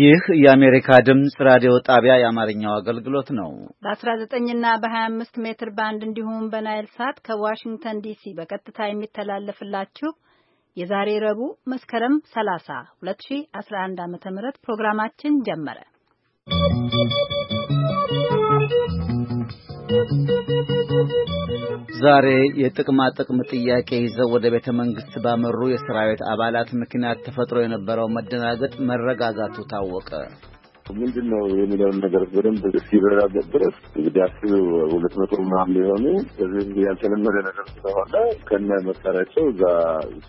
ይህ የአሜሪካ ድምፅ ራዲዮ ጣቢያ የአማርኛው አገልግሎት ነው። በ19ና በ25 ሜትር ባንድ እንዲሁም በናይል ሳት ከዋሽንግተን ዲሲ በቀጥታ የሚተላለፍላችሁ የዛሬ ረቡዕ መስከረም 30 2011 ዓ.ም ፕሮግራማችን ጀመረ። ዛሬ የጥቅማ ጥቅም ጥያቄ ይዘው ወደ ቤተ መንግስት ባመሩ የሰራዊት አባላት ምክንያት ተፈጥሮ የነበረው መደናገጥ መረጋጋቱ ታወቀ። ምንድን ነው የሚለውን ነገር በደንብ እስኪረዳበት ድረስ እንግዲህ አስ ሁለት መቶ ምናምን ሊሆኑ በዚህ ያልተለመደ ነገር ስለሆነ ከነ መሳሪያቸው እዛ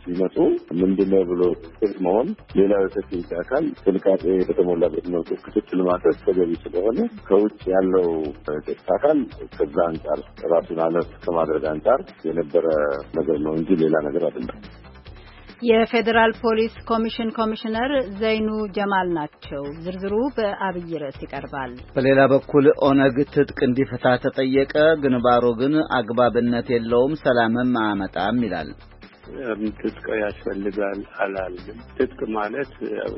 ሲመጡ ምንድን ነው ብሎ ስል መሆን ሌላው የቴክኒክ አካል ጥንቃቄ በተሞላበት መልኩ ክትትል ማድረግ ተገቢ ስለሆነ ከውጭ ያለው ቴክስ አካል ከዛ አንጻር ራሱን አለት ከማድረግ አንጻር የነበረ ነገር ነው እንጂ ሌላ ነገር አይደለም። የፌዴራል ፖሊስ ኮሚሽን ኮሚሽነር ዘይኑ ጀማል ናቸው። ዝርዝሩ በአብይ ርዕስ ይቀርባል። በሌላ በኩል ኦነግ ትጥቅ እንዲፈታ ተጠየቀ። ግንባሩ ግን አግባብነት የለውም፣ ሰላምም አያመጣም ይላል። ትጥቅ ያስፈልጋል አላልም። ትጥቅ ማለት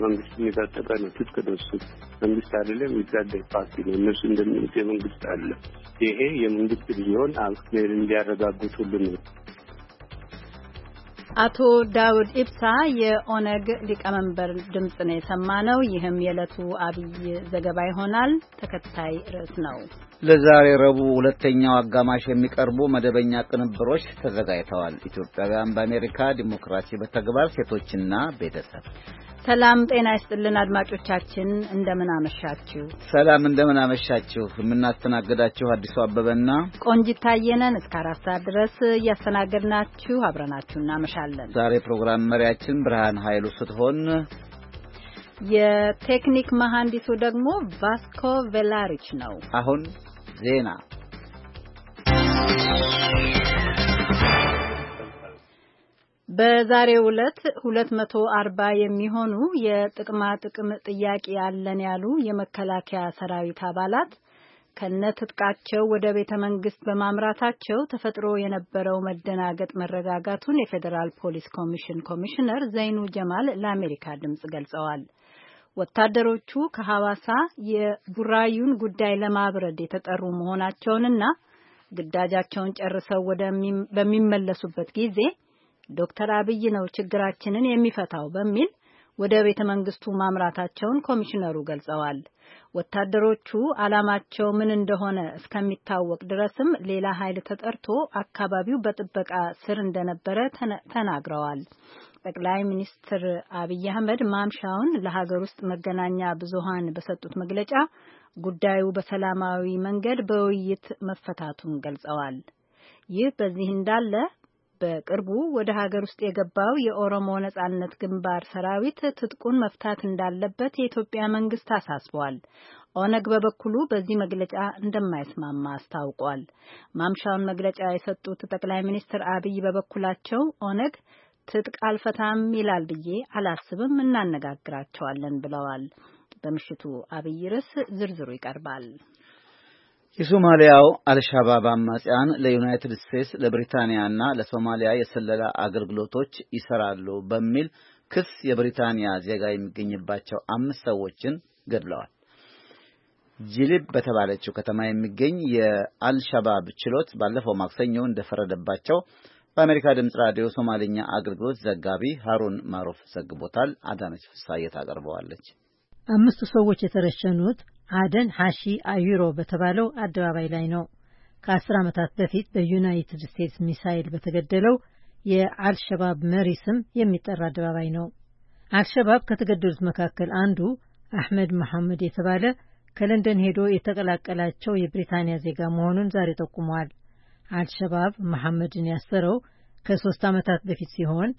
መንግስት የሚታጠቀ ነው። ትጥቅ ነሱ መንግስት አይደለም፣ የሚታደግ ፓርቲ ነው። እነሱ እንደሚሉት የመንግስት አለ። ይሄ የመንግስት ቢሆን አክሜል እንዲያረጋጉት ሁሉ ነው አቶ ዳውድ ኢብሳ የኦነግ ሊቀመንበር ድምፅ ነው ነው። ይህም የዕለቱ አብይ ዘገባ ይሆናል። ተከታይ ርዕስ ነው። ለዛሬ ረቡዕ ሁለተኛው አጋማሽ የሚቀርቡ መደበኛ ቅንብሮች ተዘጋጅተዋል። ኢትዮጵያውያን በአሜሪካ ዲሞክራሲ በተግባር ሴቶችና ቤተሰብ ሰላም ጤና ይስጥልን አድማጮቻችን፣ እንደምን አመሻችሁ። ሰላም እንደምን አመሻችሁ። የምናስተናግዳችሁ አዲሱ አበበና ቆንጂት ታየ እስከ አራት ሰዓት ድረስ እያስተናገድናችሁ አብረናችሁ እናመሻለን። ዛሬ ፕሮግራም መሪያችን ብርሃን ኃይሉ ስትሆን የቴክኒክ መሐንዲሱ ደግሞ ቫስኮ ቬላሪች ነው። አሁን ዜና በዛሬው ዕለት 240 የሚሆኑ የጥቅማ ጥቅም ጥያቄ ያለን ያሉ የመከላከያ ሰራዊት አባላት ከነትጥቃቸው ወደ ቤተ መንግስት በማምራታቸው ተፈጥሮ የነበረው መደናገጥ መረጋጋቱን የፌዴራል ፖሊስ ኮሚሽን ኮሚሽነር ዘይኑ ጀማል ለአሜሪካ ድምጽ ገልጸዋል። ወታደሮቹ ከሐዋሳ የቡራዩን ጉዳይ ለማብረድ የተጠሩ መሆናቸውንና ግዳጃቸውን ጨርሰው በሚመለሱበት ጊዜ ዶክተር አብይ ነው ችግራችንን የሚፈታው በሚል ወደ ቤተ መንግስቱ ማምራታቸውን ኮሚሽነሩ ገልጸዋል። ወታደሮቹ ዓላማቸው ምን እንደሆነ እስከሚታወቅ ድረስም ሌላ ኃይል ተጠርቶ አካባቢው በጥበቃ ስር እንደነበረ ተናግረዋል። ጠቅላይ ሚኒስትር አብይ አህመድ ማምሻውን ለሀገር ውስጥ መገናኛ ብዙሃን በሰጡት መግለጫ ጉዳዩ በሰላማዊ መንገድ በውይይት መፈታቱን ገልጸዋል። ይህ በዚህ እንዳለ በቅርቡ ወደ ሀገር ውስጥ የገባው የኦሮሞ ነጻነት ግንባር ሰራዊት ትጥቁን መፍታት እንዳለበት የኢትዮጵያ መንግስት አሳስቧል። ኦነግ በበኩሉ በዚህ መግለጫ እንደማይስማማ አስታውቋል። ማምሻውን መግለጫ የሰጡት ጠቅላይ ሚኒስትር አብይ በበኩላቸው ኦነግ ትጥቅ አልፈታም ይላል ብዬ አላስብም፣ እናነጋግራቸዋለን ብለዋል። በምሽቱ አብይ ርዕስ ዝርዝሩ ይቀርባል። የሶማሊያው አልሻባብ አማጽያን ለዩናይትድ ስቴትስ ለብሪታንያና ለሶማሊያ የስለላ አገልግሎቶች ይሰራሉ በሚል ክስ የብሪታንያ ዜጋ የሚገኝባቸው አምስት ሰዎችን ገድለዋል። ጅሊብ በተባለችው ከተማ የሚገኝ የአልሻባብ ችሎት ባለፈው ማክሰኞ እንደፈረደባቸው በአሜሪካ ድምፅ ራዲዮ ሶማልኛ አገልግሎት ዘጋቢ ሀሩን ማሩፍ ዘግቦታል። አዳነች ፍሳየት አቀርበዋለች። አምስቱ ሰዎች የተረሸኑት አደን ሐሺ አዩሮ በተባለው አደባባይ ላይ ነው። ከአስር ዓመታት በፊት በዩናይትድ ስቴትስ ሚሳይል በተገደለው የአልሸባብ መሪ ስም የሚጠራ አደባባይ ነው። አልሸባብ ከተገደሉት መካከል አንዱ አሕመድ መሐመድ የተባለ ከለንደን ሄዶ የተቀላቀላቸው የብሪታንያ ዜጋ መሆኑን ዛሬ ጠቁመዋል። አልሸባብ መሐመድን ያሰረው ከሶስት ዓመታት በፊት ሲሆን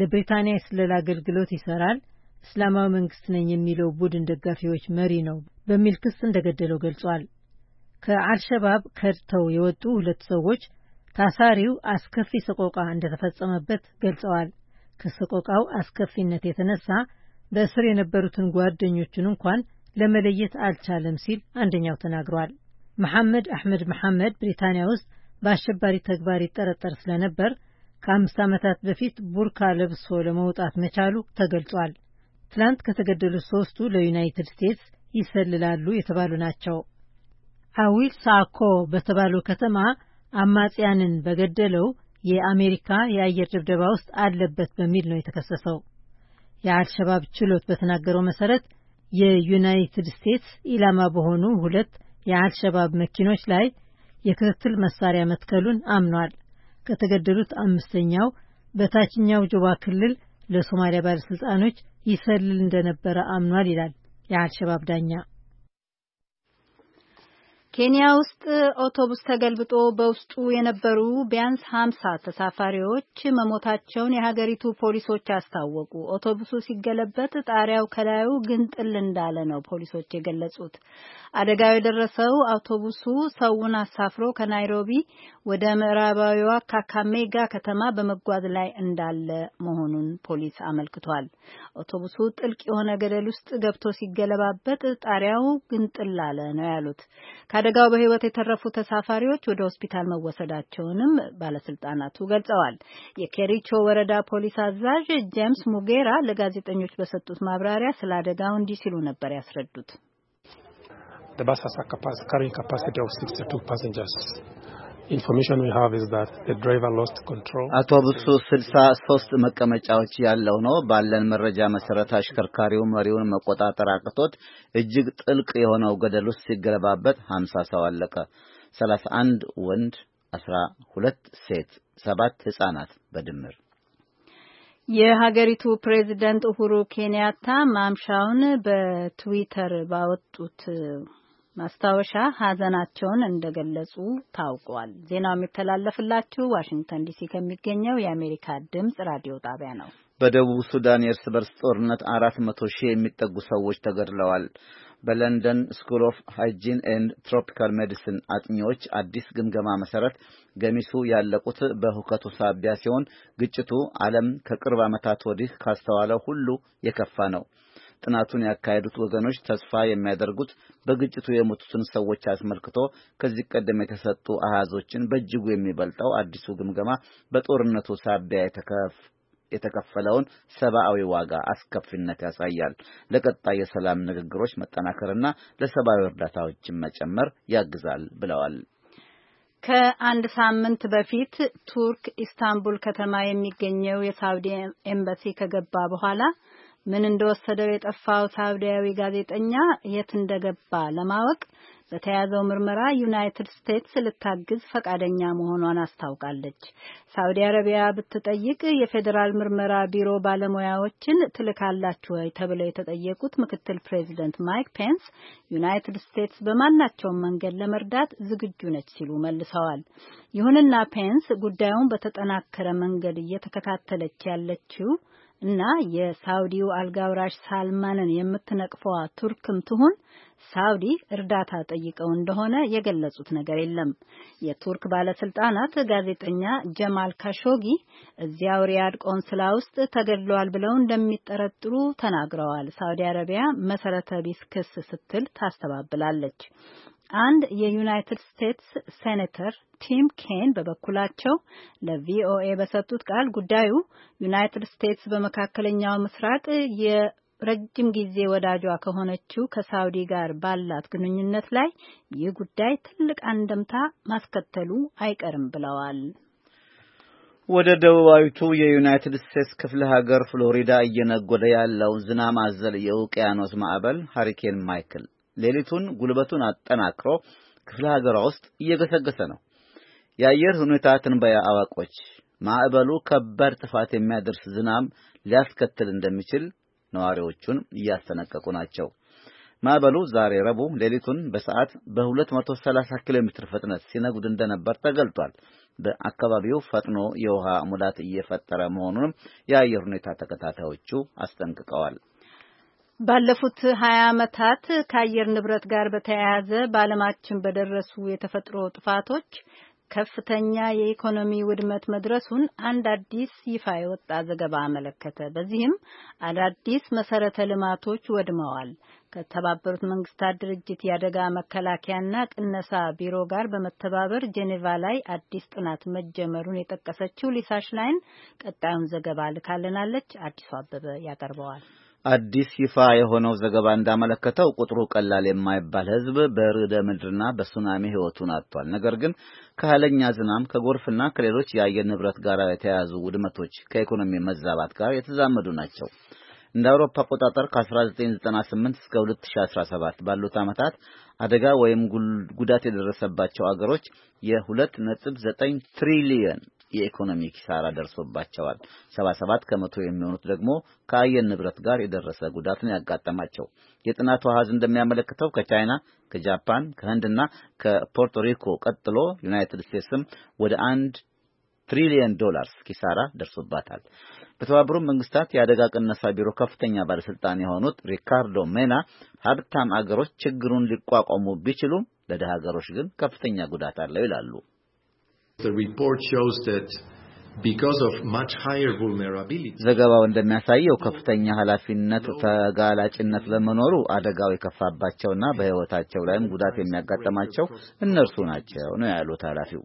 ለብሪታንያ የስለላ አገልግሎት ይሰራል፣ እስላማዊ መንግስት ነኝ የሚለው ቡድን ደጋፊዎች መሪ ነው በሚል ክስ እንደገደለው ገልጿል። ከአልሸባብ ከድተው የወጡ ሁለት ሰዎች ታሳሪው አስከፊ ሰቆቃ እንደተፈጸመበት ገልጸዋል። ከሰቆቃው አስከፊነት የተነሳ በእስር የነበሩትን ጓደኞቹን እንኳን ለመለየት አልቻለም ሲል አንደኛው ተናግሯል። መሐመድ አሕመድ መሐመድ ብሪታንያ ውስጥ በአሸባሪ ተግባር ይጠረጠር ስለነበር ከአምስት ዓመታት በፊት ቡርካ ለብሶ ለመውጣት መቻሉ ተገልጿል። ትላንት ከተገደሉት ሶስቱ ለዩናይትድ ስቴትስ ይሰልላሉ የተባሉ ናቸው። አዊል ሳኮ በተባለው ከተማ አማጽያንን በገደለው የአሜሪካ የአየር ድብደባ ውስጥ አለበት በሚል ነው የተከሰሰው። የአልሸባብ ችሎት በተናገረው መሰረት የዩናይትድ ስቴትስ ኢላማ በሆኑ ሁለት የአልሸባብ መኪኖች ላይ የክትትል መሳሪያ መትከሉን አምኗል። ከተገደሉት አምስተኛው በታችኛው ጆባ ክልል ለሶማሊያ ባለሥልጣኖች ይሰልል እንደነበረ አምኗል ይላል የአልሸባብ ዳኛ ኬንያ ውስጥ አውቶቡስ ተገልብጦ በውስጡ የነበሩ ቢያንስ ሀምሳ ተሳፋሪዎች መሞታቸውን የሀገሪቱ ፖሊሶች አስታወቁ። አውቶቡሱ ሲገለበጥ ጣሪያው ከላዩ ግንጥል እንዳለ ነው ፖሊሶች የገለጹት። አደጋው የደረሰው አውቶቡሱ ሰውን አሳፍሮ ከናይሮቢ ወደ ምዕራባዊዋ ካካሜጋ ከተማ በመጓዝ ላይ እንዳለ መሆኑን ፖሊስ አመልክቷል። አውቶቡሱ ጥልቅ የሆነ ገደል ውስጥ ገብቶ ሲገለባበጥ ጣሪያው ግንጥል አለ ነው ያሉት። ከአደጋው በህይወት የተረፉ ተሳፋሪዎች ወደ ሆስፒታል መወሰዳቸውንም ባለስልጣናቱ ገልጸዋል። የኬሪቾ ወረዳ ፖሊስ አዛዥ ጄምስ ሙጌራ ለጋዜጠኞች በሰጡት ማብራሪያ ስለ አደጋው እንዲህ ሲሉ ነበር ያስረዱት። The bus has a carrying capacity of 62 passengers. አውቶቡሱ ስልሳ ሶስት መቀመጫዎች ያለው ነው። ባለን መረጃ መሰረት አሽከርካሪው መሪውን መቆጣጠር አቅቶት እጅግ ጥልቅ የሆነው ገደል ውስጥ ሲገለባበት ሀምሳ ሰው አለቀ። ሰላሳ አንድ ወንድ፣ አስራ ሁለት ሴት፣ ሰባት ህጻናት በድምር የሀገሪቱ ፕሬዚደንት ኡሁሩ ኬንያታ ማምሻውን በትዊተር ባወጡት ማስታወሻ ሀዘናቸውን እንደገለጹ ታውቋል። ዜናው የሚተላለፍላችሁ ዋሽንግተን ዲሲ ከሚገኘው የአሜሪካ ድምጽ ራዲዮ ጣቢያ ነው። በደቡብ ሱዳን የእርስ በርስ ጦርነት አራት መቶ ሺህ የሚጠጉ ሰዎች ተገድለዋል። በለንደን ስኩል ኦፍ ሃይጂን ኤንድ ትሮፒካል ሜዲሲን አጥኚዎች አዲስ ግምገማ መሰረት ገሚሱ ያለቁት በሁከቱ ሳቢያ ሲሆን ግጭቱ ዓለም ከቅርብ ዓመታት ወዲህ ካስተዋለው ሁሉ የከፋ ነው። ጥናቱን ያካሄዱት ወገኖች ተስፋ የሚያደርጉት በግጭቱ የሞቱትን ሰዎች አስመልክቶ ከዚህ ቀደም የተሰጡ አሃዞችን በእጅጉ የሚበልጠው አዲሱ ግምገማ በጦርነቱ ሳቢያ የተከፈለውን ሰብአዊ ዋጋ አስከፊነት ያሳያል፣ ለቀጣይ የሰላም ንግግሮች መጠናከርና ለሰብአዊ እርዳታዎችን መጨመር ያግዛል ብለዋል። ከአንድ ሳምንት በፊት ቱርክ ኢስታንቡል ከተማ የሚገኘው የሳውዲ ኤምባሲ ከገባ በኋላ ምን እንደወሰደው የጠፋው ሳውዲያዊ ጋዜጠኛ የት እንደገባ ለማወቅ በተያዘው ምርመራ ዩናይትድ ስቴትስ ልታግዝ ፈቃደኛ መሆኗን አስታውቃለች። ሳውዲ አረቢያ ብትጠይቅ የፌዴራል ምርመራ ቢሮ ባለሙያዎችን ትልካላችሁ ወይ ተብለው የተጠየቁት ምክትል ፕሬዚደንት ማይክ ፔንስ ዩናይትድ ስቴትስ በማናቸውም መንገድ ለመርዳት ዝግጁ ነች ሲሉ መልሰዋል። ይሁንና ፔንስ ጉዳዩን በተጠናከረ መንገድ እየተከታተለች ያለችው እና የሳውዲው አልጋውራሽ ሳልማንን የምትነቅፈዋ ቱርክም ትሁን ሳውዲ እርዳታ ጠይቀው እንደሆነ የገለጹት ነገር የለም። የቱርክ ባለስልጣናት ጋዜጠኛ ጀማል ካሾጊ እዚያው ሪያድ ቆንስላ ውስጥ ተገድለዋል ብለው እንደሚጠረጥሩ ተናግረዋል። ሳውዲ አረቢያ መሰረተ ቢስ ክስ ስትል ታስተባብላለች። አንድ የዩናይትድ ስቴትስ ሴኔተር ቲም ኬን በበኩላቸው ለቪኦኤ በሰጡት ቃል ጉዳዩ ዩናይትድ ስቴትስ በመካከለኛው ምስራቅ የረጅም ጊዜ ወዳጇ ከሆነችው ከሳውዲ ጋር ባላት ግንኙነት ላይ ይህ ጉዳይ ትልቅ አንደምታ ማስከተሉ አይቀርም ብለዋል። ወደ ደቡባዊቱ የዩናይትድ ስቴትስ ክፍለ ሀገር ፍሎሪዳ እየነጎደ ያለው ዝናብ አዘል የውቅያኖስ ማዕበል ሀሪኬን ማይክል ሌሊቱን ጉልበቱን አጠናክሮ ክፍለ ሀገሯ ውስጥ እየገሰገሰ ነው። የአየር ሁኔታ ትንበያ አዋቆች ማዕበሉ ከባድ ጥፋት የሚያደርስ ዝናብ ሊያስከትል እንደሚችል ነዋሪዎቹን እያስጠነቀቁ ናቸው። ማዕበሉ ዛሬ ረቡዕ ሌሊቱን በሰዓት በ230 ኪሎ ሜትር ፍጥነት ሲነጉድ እንደነበር ተገልጧል። በአካባቢው ፈጥኖ የውሃ ሙላት እየፈጠረ መሆኑንም የአየር ሁኔታ ተከታታዮቹ አስጠንቅቀዋል። ባለፉት ሀያ ዓመታት ከአየር ንብረት ጋር በተያያዘ በዓለማችን በደረሱ የተፈጥሮ ጥፋቶች ከፍተኛ የኢኮኖሚ ውድመት መድረሱን አንድ አዲስ ይፋ የወጣ ዘገባ አመለከተ። በዚህም አዳዲስ መሰረተ ልማቶች ወድመዋል። ከተባበሩት መንግስታት ድርጅት የአደጋ መከላከያና ቅነሳ ቢሮ ጋር በመተባበር ጄኔቫ ላይ አዲስ ጥናት መጀመሩን የጠቀሰችው ሊሳሽ ላይን ቀጣዩን ዘገባ ልካልናለች። አዲሱ አበበ ያቀርበዋል። አዲስ ይፋ የሆነው ዘገባ እንዳመለከተው ቁጥሩ ቀላል የማይባል ሕዝብ በርዕደ ምድርና በሱናሚ ሕይወቱን አጥቷል። ነገር ግን ከኃይለኛ ዝናም ከጎርፍና ከሌሎች የአየር ንብረት ጋር የተያያዙ ውድመቶች ከኢኮኖሚ መዛባት ጋር የተዛመዱ ናቸው። እንደ አውሮፓ አቆጣጠር ከ1998 እስከ 2017 ባሉት ዓመታት አደጋ ወይም ጉዳት የደረሰባቸው አገሮች የ2.9 ትሪሊየን የኢኮኖሚ ኪሳራ ደርሶባቸዋል። 77 ከመቶ የሚሆኑት ደግሞ ከአየር ንብረት ጋር የደረሰ ጉዳት ነው ያጋጠማቸው። የጥናቱ አሃዝ እንደሚያመለክተው ከቻይና፣ ከጃፓን፣ ከህንድና ከፖርቶሪኮ ቀጥሎ ዩናይትድ ስቴትስም ወደ አንድ ትሪሊየን ዶላርስ ኪሳራ ደርሶባታል። በተባበሩት መንግስታት የአደጋ ቅነሳ ቢሮ ከፍተኛ ባለስልጣን የሆኑት ሪካርዶ ሜና ሀብታም አገሮች ችግሩን ሊቋቋሙ ቢችሉም ለደሃ ሀገሮች ግን ከፍተኛ ጉዳት አለው ይላሉ። The report shows that because of much higher vulnerability ዘገባው እንደሚያሳየው ከፍተኛ ኃላፊነት ተጋላጭነት ለመኖሩ አደጋው የከፋባቸውና በሕይወታቸው ላይም ጉዳት የሚያጋጥማቸው እነርሱ ናቸው ነው ያሉት ኃላፊው።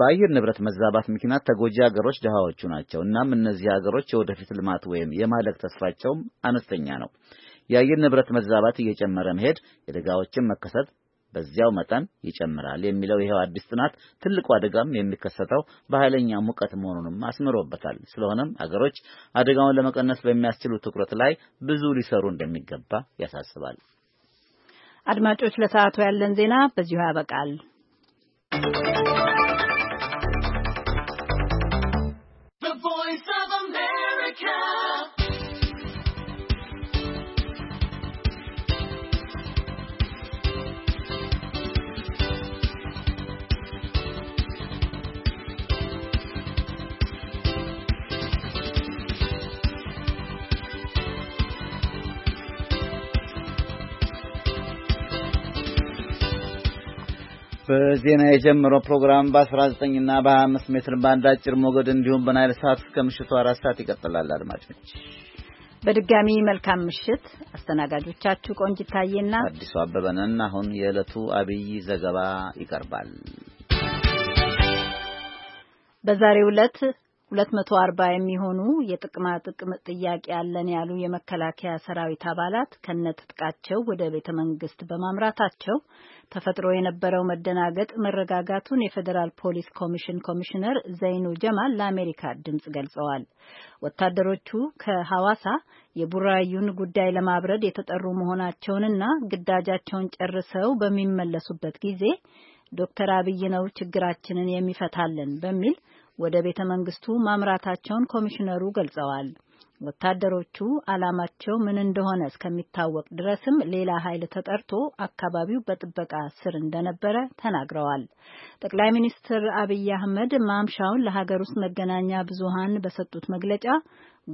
በአየር ንብረት መዛባት ምክንያት ተጎጂ ሀገሮች ድሃዎቹ ናቸው። እናም እነዚህ ሀገሮች የወደፊት ልማት ወይም የማለቅ ተስፋቸውም አነስተኛ ነው። የአየር ንብረት መዛባት እየጨመረ መሄድ፣ የደጋዎችን መከሰት በዚያው መጠን ይጨምራል የሚለው ይኸው አዲስ ጥናት ትልቁ አደጋም የሚከሰተው በኃይለኛ ሙቀት መሆኑንም አስምሮበታል። ስለሆነም አገሮች አደጋውን ለመቀነስ በሚያስችሉ ትኩረት ላይ ብዙ ሊሰሩ እንደሚገባ ያሳስባል። አድማጮች፣ ለሰዓቱ ያለን ዜና በዚሁ ያበቃል። በዜና የጀመረው ፕሮግራም በ19 እና በ25 ሜትር ባንድ አጭር ሞገድ እንዲሁም በናይል ሰዓት እስከ ምሽቱ አራት ሰዓት ይቀጥላል። አድማጮች በድጋሚ መልካም ምሽት። አስተናጋጆቻችሁ ቆንጅ ይታየና አዲሱ አበበነን አሁን የዕለቱ አብይ ዘገባ ይቀርባል። በዛሬው ዕለት 240 የሚሆኑ የጥቅማ ጥቅም ጥያቄ አለን ያሉ የመከላከያ ሰራዊት አባላት ከነትጥቃቸው ወደ ቤተ መንግስት በማምራታቸው ተፈጥሮ የነበረው መደናገጥ መረጋጋቱን የፌዴራል ፖሊስ ኮሚሽን ኮሚሽነር ዘይኑ ጀማል ለአሜሪካ ድምጽ ገልጸዋል። ወታደሮቹ ከሐዋሳ የቡራዩን ጉዳይ ለማብረድ የተጠሩ መሆናቸውንና ግዳጃቸውን ጨርሰው በሚመለሱበት ጊዜ ዶክተር አብይ ነው ችግራችንን የሚፈታልን በሚል ወደ ቤተ መንግስቱ ማምራታቸውን ኮሚሽነሩ ገልጸዋል። ወታደሮቹ ዓላማቸው ምን እንደሆነ እስከሚታወቅ ድረስም ሌላ ኃይል ተጠርቶ አካባቢው በጥበቃ ስር እንደነበረ ተናግረዋል። ጠቅላይ ሚኒስትር አብይ አህመድ ማምሻውን ለሀገር ውስጥ መገናኛ ብዙሃን በሰጡት መግለጫ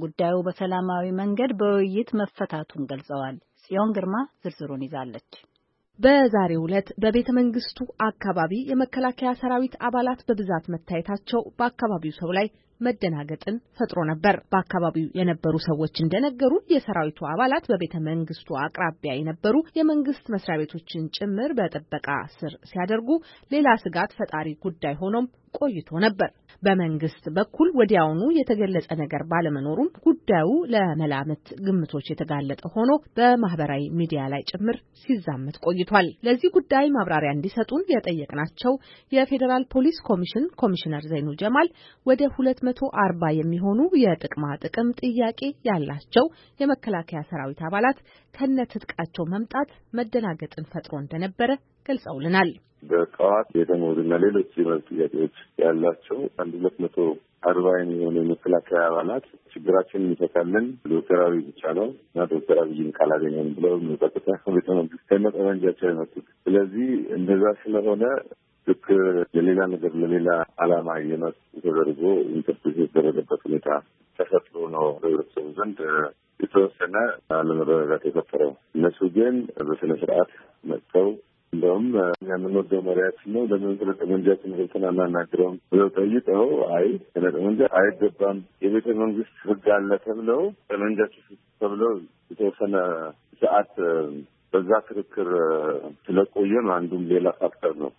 ጉዳዩ በሰላማዊ መንገድ በውይይት መፈታቱን ገልጸዋል። ጽዮን ግርማ ዝርዝሩን ይዛለች። በዛሬው ዕለት በቤተ መንግስቱ አካባቢ የመከላከያ ሰራዊት አባላት በብዛት መታየታቸው በአካባቢው ሰው ላይ መደናገጥን ፈጥሮ ነበር። በአካባቢው የነበሩ ሰዎች እንደነገሩ የሰራዊቱ አባላት በቤተ መንግስቱ አቅራቢያ የነበሩ የመንግስት መስሪያ ቤቶችን ጭምር በጥበቃ ስር ሲያደርጉ ሌላ ስጋት ፈጣሪ ጉዳይ ሆኖም ቆይቶ ነበር። በመንግስት በኩል ወዲያውኑ የተገለጸ ነገር ባለመኖሩም ጉዳዩ ለመላምት ግምቶች የተጋለጠ ሆኖ በማህበራዊ ሚዲያ ላይ ጭምር ሲዛመት ቆይቷል። ለዚህ ጉዳይ ማብራሪያ እንዲሰጡን የጠየቅናቸው የፌዴራል ፖሊስ ኮሚሽን ኮሚሽነር ዘይኑ ጀማል ወደ ሁለት መቶ አርባ የሚሆኑ የጥቅማ ጥቅም ጥያቄ ያላቸው የመከላከያ ሰራዊት አባላት ከነትጥቃቸው መምጣት መደናገጥን ፈጥሮ እንደነበረ ገልጸውልናል። በጠዋት የደሞዝና ሌሎች የመብት ጥያቄዎች ያላቸው አንድ ሁለት መቶ አርባ የሚሆኑ የመከላከያ አባላት ችግራችን የሚፈታልን ዶክተር አብይ ብቻ ነው እና ዶክተር አብይን ካላገኘን ብለው የሚጠቅታ ቤተ መንግስት ከነጠመንጃቸው የመጡት ስለዚህ እንደዛ ስለሆነ ልክ ለሌላ ነገር ለሌላ አላማ እየመጡ ተደርጎ ኢንተርፕሬት የተደረገበት ሁኔታ ተፈጥሮ ነው በህብረተሰቡ ዘንድ የተወሰነ አለመረጋጋት የፈጠረው። እነሱ ግን በስነ ስርዓት መጥተው እንደውም የምንወደው መሪያችን ነው ለምን ስለ ጠመንጃ ትምህርትን አናናግረውም ብለው ጠይቀው አይ ስለ ጠመንጃ አይገባም የቤተ መንግስት ህግ አለ ተብለው ጠመንጃ ተብለው የተወሰነ ሰዓት በዛ ክርክር ስለቆየ ነው። አንዱም ሌላ ፋክተር ነው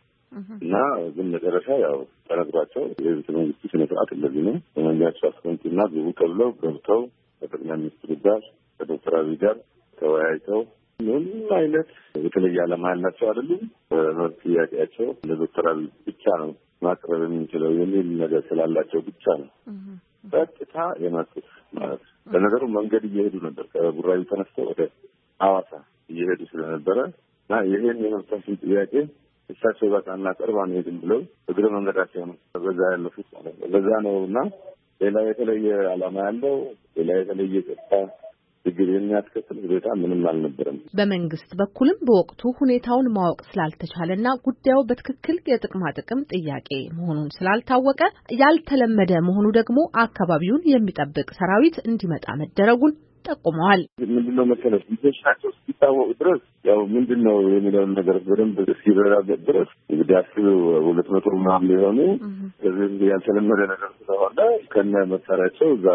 እና ግን መጨረሻ ያው ተነግሯቸው የቤተ መንግስቱ ስነ ስርዓት እንደዚህ ነው አስፈንቲ አስቀምጡና ግቡ ተብለው ገብተው ከጠቅላይ ሚኒስትሩ ጋር ከዶክተር አብይ ጋር ተወያይተው ምንም አይነት የተለየ አላማ ያላቸው አይደሉም። መብት ጥያቄያቸው ለዶክተራል ብቻ ነው ማቅረብ የምንችለው የሚል ነገር ስላላቸው ብቻ ነው ቀጥታ የመጡት ማለት ነው። ለነገሩ መንገድ እየሄዱ ነበር። ከቡራዩ ተነስተው ወደ አዋሳ እየሄዱ ስለነበረ እና ይህን የመብታችን ጥያቄ እሳቸው ጋር ሳናቀርብ አንሄድም ብለው እግረ መንገዳቸው ነው በዛ ያለፉት ማለት ነው። በዛ ነው እና ሌላ የተለየ አላማ ያለው ሌላ የተለየ ጸጥታ ችግር የሚያስከትል ሁኔታ ምንም አልነበረም። በመንግስት በኩልም በወቅቱ ሁኔታውን ማወቅ ስላልተቻለና ጉዳዩ በትክክል የጥቅማ ጥቅም ጥያቄ መሆኑን ስላልታወቀ ያልተለመደ መሆኑ ደግሞ አካባቢውን የሚጠብቅ ሰራዊት እንዲመጣ መደረጉን ጠቁመዋል። ምንድነው መሰለሽ ልጆች ናቸው እስኪታወቁ ድረስ ያው ምንድን ነው የሚለውን ነገር በደንብ እስኪረዳበት ድረስ እንግዲህ አስብ ሁለት መቶ ምናምን ሊሆኑ ከዚህ ያልተለመደ ነገር ስለሆነ ከነ መሳሪያቸው እዛ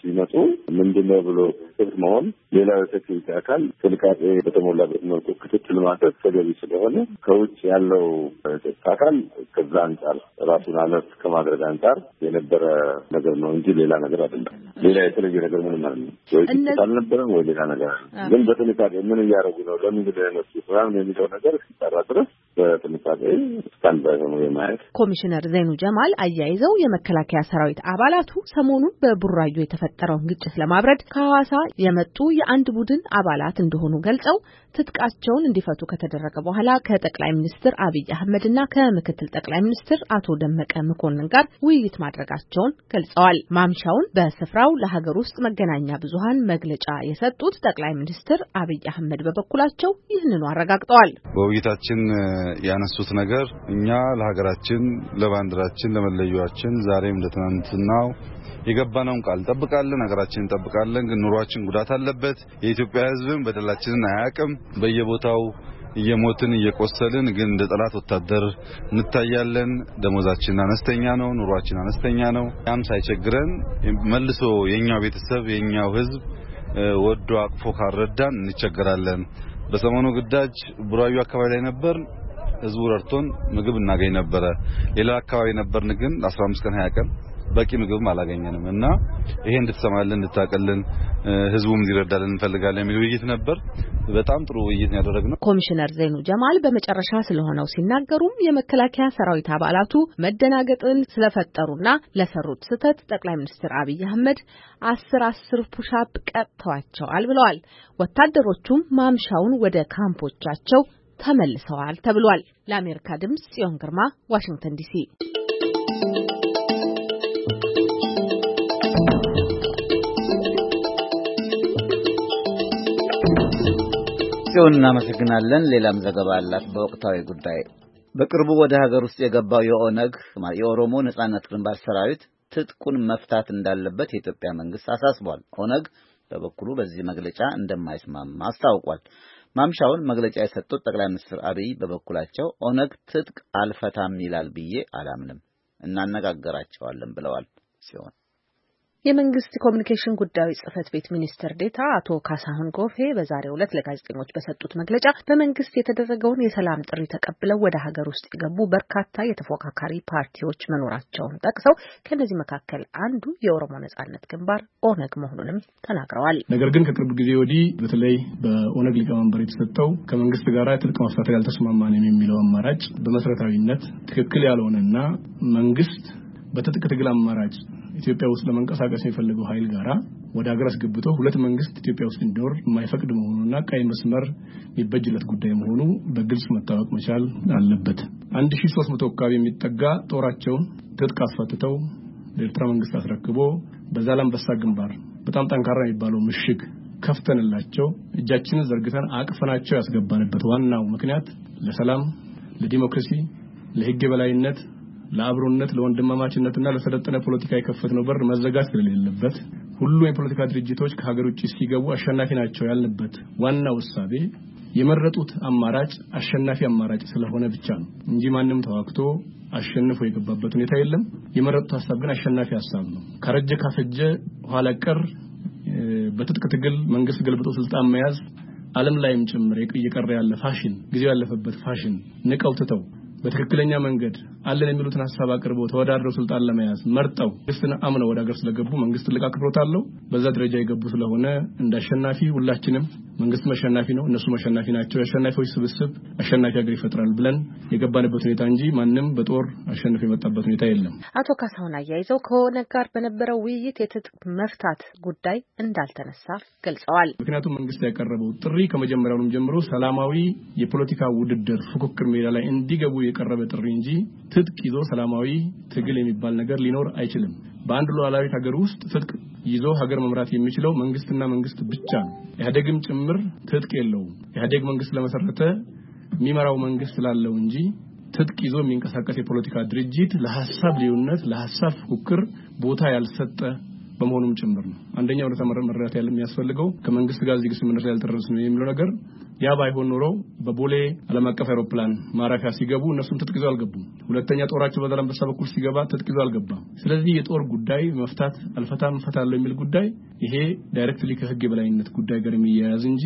ሲመጡ ምንድን ነው ብሎ ስት መሆን ሌላ የቴክኒክ አካል ጥንቃቄ በተሞላበት መልኩ ክትትል ማድረግ ተገቢ ስለሆነ ከውጭ ያለው ጸጥታ አካል ከዛ አንጻር ራሱን አለርት ከማድረግ አንጻር የነበረ ነገር ነው እንጂ ሌላ ነገር አይደለም። ሌላ የተለየ ነገር ምንም አለ ግጭት አልነበረም ወይ ሌላ ነገር አለ። ግን በጥንቃቄ ምን እያደረጉ ነው፣ ለምንድን ነው የመጡት ምናምን የሚለው ነገር ሲጠራ ድረስ በጥንቃቄ እስካን ባይሆኑ የማየት ኮሚሽነር ዘይኑ ጀማል አያይዘው የመከላከያ ሰራዊት አባላቱ ሰሞኑን በቡራዩ የተፈጠረውን ግጭት ለማብረድ ከሐዋሳ የመጡ የአንድ ቡድን አባላት እንደሆኑ ገልጸው ትጥቃቸውን እንዲፈቱ ከተደረገ በኋላ ከጠቅላይ ሚኒስትር አብይ አህመድና ከምክትል ጠቅላይ ሚኒስትር አቶ ደመቀ መኮንን ጋር ውይይት ማድረጋቸውን ገልጸዋል። ማምሻውን በስፍራው ለሀገር ውስጥ መገናኛ ብዙሀን መግለጫ የሰጡት ጠቅላይ ሚኒስትር አብይ አህመድ በበኩላቸው ይህንኑ አረጋግጠዋል። በውይይታችን ያነሱት ነገር እኛ ለሀገራችን፣ ለባንዲራችን፣ ለመለያችን ዛሬም እንደትናንትናው የገባነውን ቃል እንጠብቃለን፣ ሀገራችን እንጠብቃለን። ግን ኑሯችን ጉዳት አለበት። የኢትዮጵያ ሕዝብም በደላችንን አያውቅም። በየቦታው እየሞትን እየቆሰልን ግን እንደ ጠላት ወታደር እንታያለን። ደሞዛችን አነስተኛ ነው፣ ኑሯችን አነስተኛ ነው። ያም ሳይቸግረን መልሶ የኛው ቤተሰብ የኛው ህዝብ ወዶ አቅፎ ካልረዳን እንቸገራለን። በሰሞኑ ግዳጅ ቡራዩ አካባቢ ላይ ነበር። ህዝቡ ረድቶን ምግብ እናገኝ ነበረ። ሌላ አካባቢ ነበርን ግን 15 ቀን 20 ቀን በቂ ምግብም አላገኘንም እና ይሄ እንድትሰማልን እንድታቀልን ህዝቡም እንዲረዳልን እንፈልጋለን የሚል ውይይት ነበር። በጣም ጥሩ ውይይት ነው ያደረግነው። ኮሚሽነር ዘይኑ ጀማል በመጨረሻ ስለሆነው ሲናገሩም የመከላከያ ሰራዊት አባላቱ መደናገጥን ስለፈጠሩና ለሰሩት ስህተት ጠቅላይ ሚኒስትር አብይ አህመድ አስር አስር ፑሻፕ ቀጥተዋቸዋል ብለዋል። ወታደሮቹም ማምሻውን ወደ ካምፖቻቸው ተመልሰዋል ተብሏል። ለአሜሪካ ድምፅ ጽዮን ግርማ ዋሽንግተን ዲሲ ጽዮን እናመሰግናለን። ሌላም ዘገባ አላት በወቅታዊ ጉዳይ። በቅርቡ ወደ ሀገር ውስጥ የገባው የኦነግ የኦሮሞ ነጻነት ግንባር ሰራዊት ትጥቁን መፍታት እንዳለበት የኢትዮጵያ መንግስት አሳስቧል። ኦነግ በበኩሉ በዚህ መግለጫ እንደማይስማማ አስታውቋል። ማምሻውን መግለጫ የሰጡት ጠቅላይ ሚኒስትር አብይ በበኩላቸው ኦነግ ትጥቅ አልፈታም ይላል ብዬ አላምንም፣ እናነጋገራቸዋለን ብለዋል ሲሆን የመንግስት ኮሚኒኬሽን ጉዳዮች ጽህፈት ቤት ሚኒስትር ዴታ አቶ ካሳሁን ጎፌ በዛሬው ዕለት ለጋዜጠኞች በሰጡት መግለጫ በመንግስት የተደረገውን የሰላም ጥሪ ተቀብለው ወደ ሀገር ውስጥ የገቡ በርካታ የተፎካካሪ ፓርቲዎች መኖራቸውን ጠቅሰው ከእነዚህ መካከል አንዱ የኦሮሞ ነጻነት ግንባር ኦነግ መሆኑንም ተናግረዋል። ነገር ግን ከቅርብ ጊዜ ወዲህ በተለይ በኦነግ ሊቀመንበር የተሰጠው ከመንግስት ጋር ትልቅ መፍታት ያልተስማማንም የሚለው አማራጭ በመሰረታዊነት ትክክል ያልሆነና መንግስት በትጥቅ ትግል አማራጭ ኢትዮጵያ ውስጥ ለመንቀሳቀስ የሚፈልገው ኃይል ጋራ ወደ ሀገር አስገብቶ ሁለት መንግስት ኢትዮጵያ ውስጥ እንዲኖር የማይፈቅድ መሆኑና ቀይ መስመር የሚበጅለት ጉዳይ መሆኑ በግልጽ መታወቅ መቻል አለበት። አንድ ሺ ሶስት መቶ አካባቢ የሚጠጋ ጦራቸውን ትጥቅ አስፈትተው ለኤርትራ መንግስት አስረክቦ በዛ በሳ ግንባር በጣም ጠንካራ የሚባለው ምሽግ ከፍተንላቸው እጃችንን ዘርግተን አቅፈናቸው ያስገባንበት ዋናው ምክንያት ለሰላም፣ ለዲሞክራሲ፣ ለህግ የበላይነት ለአብሮነት ለወንድማማችነትና ለሰለጠነ ፖለቲካ የከፈትነው በር መዘጋት ስለሌለበት ሁሉም የፖለቲካ ድርጅቶች ከሀገር ውጭ ሲገቡ አሸናፊ ናቸው ያልንበት ዋና ውሳቤ የመረጡት አማራጭ አሸናፊ አማራጭ ስለሆነ ብቻ ነው እንጂ ማንም ተዋክቶ አሸንፎ የገባበት ሁኔታ የለም። የመረጡት ሀሳብ ግን አሸናፊ ሀሳብ ነው። ከረጀ ካፈጀ ኋላ ቀር በትጥቅ ትግል መንግስት ገልብጦ ስልጣን መያዝ ዓለም ላይም ጭምር የቀረ ያለ ፋሽን ጊዜው ያለፈበት ፋሽን ንቀው ትተው በትክክለኛ መንገድ አለን የሚሉትን ሀሳብ አቅርቦ ተወዳድረው ስልጣን ለመያዝ መርጠው መንግስትን አምነው ወደ ሀገር ስለገቡ መንግስት ትልቅ አክብሮት አለው። በዛ ደረጃ የገቡ ስለሆነ እንደ አሸናፊ ሁላችንም መንግስት መሸናፊ ነው፣ እነሱ መሸናፊ ናቸው፣ የአሸናፊዎች ስብስብ አሸናፊ ሀገር ይፈጥራል ብለን የገባንበት ሁኔታ እንጂ ማንም በጦር አሸንፎ የመጣበት ሁኔታ የለም። አቶ ካሳሁን አያይዘው ከኦነግ ጋር በነበረው ውይይት የትጥቅ መፍታት ጉዳይ እንዳልተነሳ ገልጸዋል። ምክንያቱም መንግስት ያቀረበው ጥሪ ከመጀመሪያውንም ጀምሮ ሰላማዊ የፖለቲካ ውድድር ፉክክር ሜዳ ላይ እንዲገቡ የቀረበ ጥሪ እንጂ ትጥቅ ይዞ ሰላማዊ ትግል የሚባል ነገር ሊኖር አይችልም። በአንድ ሉዓላዊት ሀገር ውስጥ ትጥቅ ይዞ ሀገር መምራት የሚችለው መንግስትና መንግስት ብቻ ነው። ኢህአዴግም ጭምር ትጥቅ የለውም። ኢህአዴግ መንግስት ለመሰረተ የሚመራው መንግስት ስላለው እንጂ ትጥቅ ይዞ የሚንቀሳቀስ የፖለቲካ ድርጅት ለሀሳብ ልዩነት፣ ለሀሳብ ፉክክር ቦታ ያልሰጠ በመሆኑም ጭምር ነው። አንደኛው መረዳት ያለ የሚያስፈልገው ከመንግስት ጋር እዚህ ስምምነት ላይ ነው የሚለው ነገር ያ ባይሆን ኖሮ በቦሌ ዓለም አቀፍ አውሮፕላን ማረፊያ ሲገቡ እነሱም ትጥቅ ይዘው አልገቡም። ሁለተኛ ጦራቸው በዛላምበሳ በኩል ሲገባ ትጥቅ ይዘው አልገባም። ስለዚህ የጦር ጉዳይ መፍታት አልፈታም እፈታለሁ የሚል ጉዳይ ይሄ ዳይሬክትሊ ከህግ የበላይነት ጉዳይ ጋር የሚያያዝ እንጂ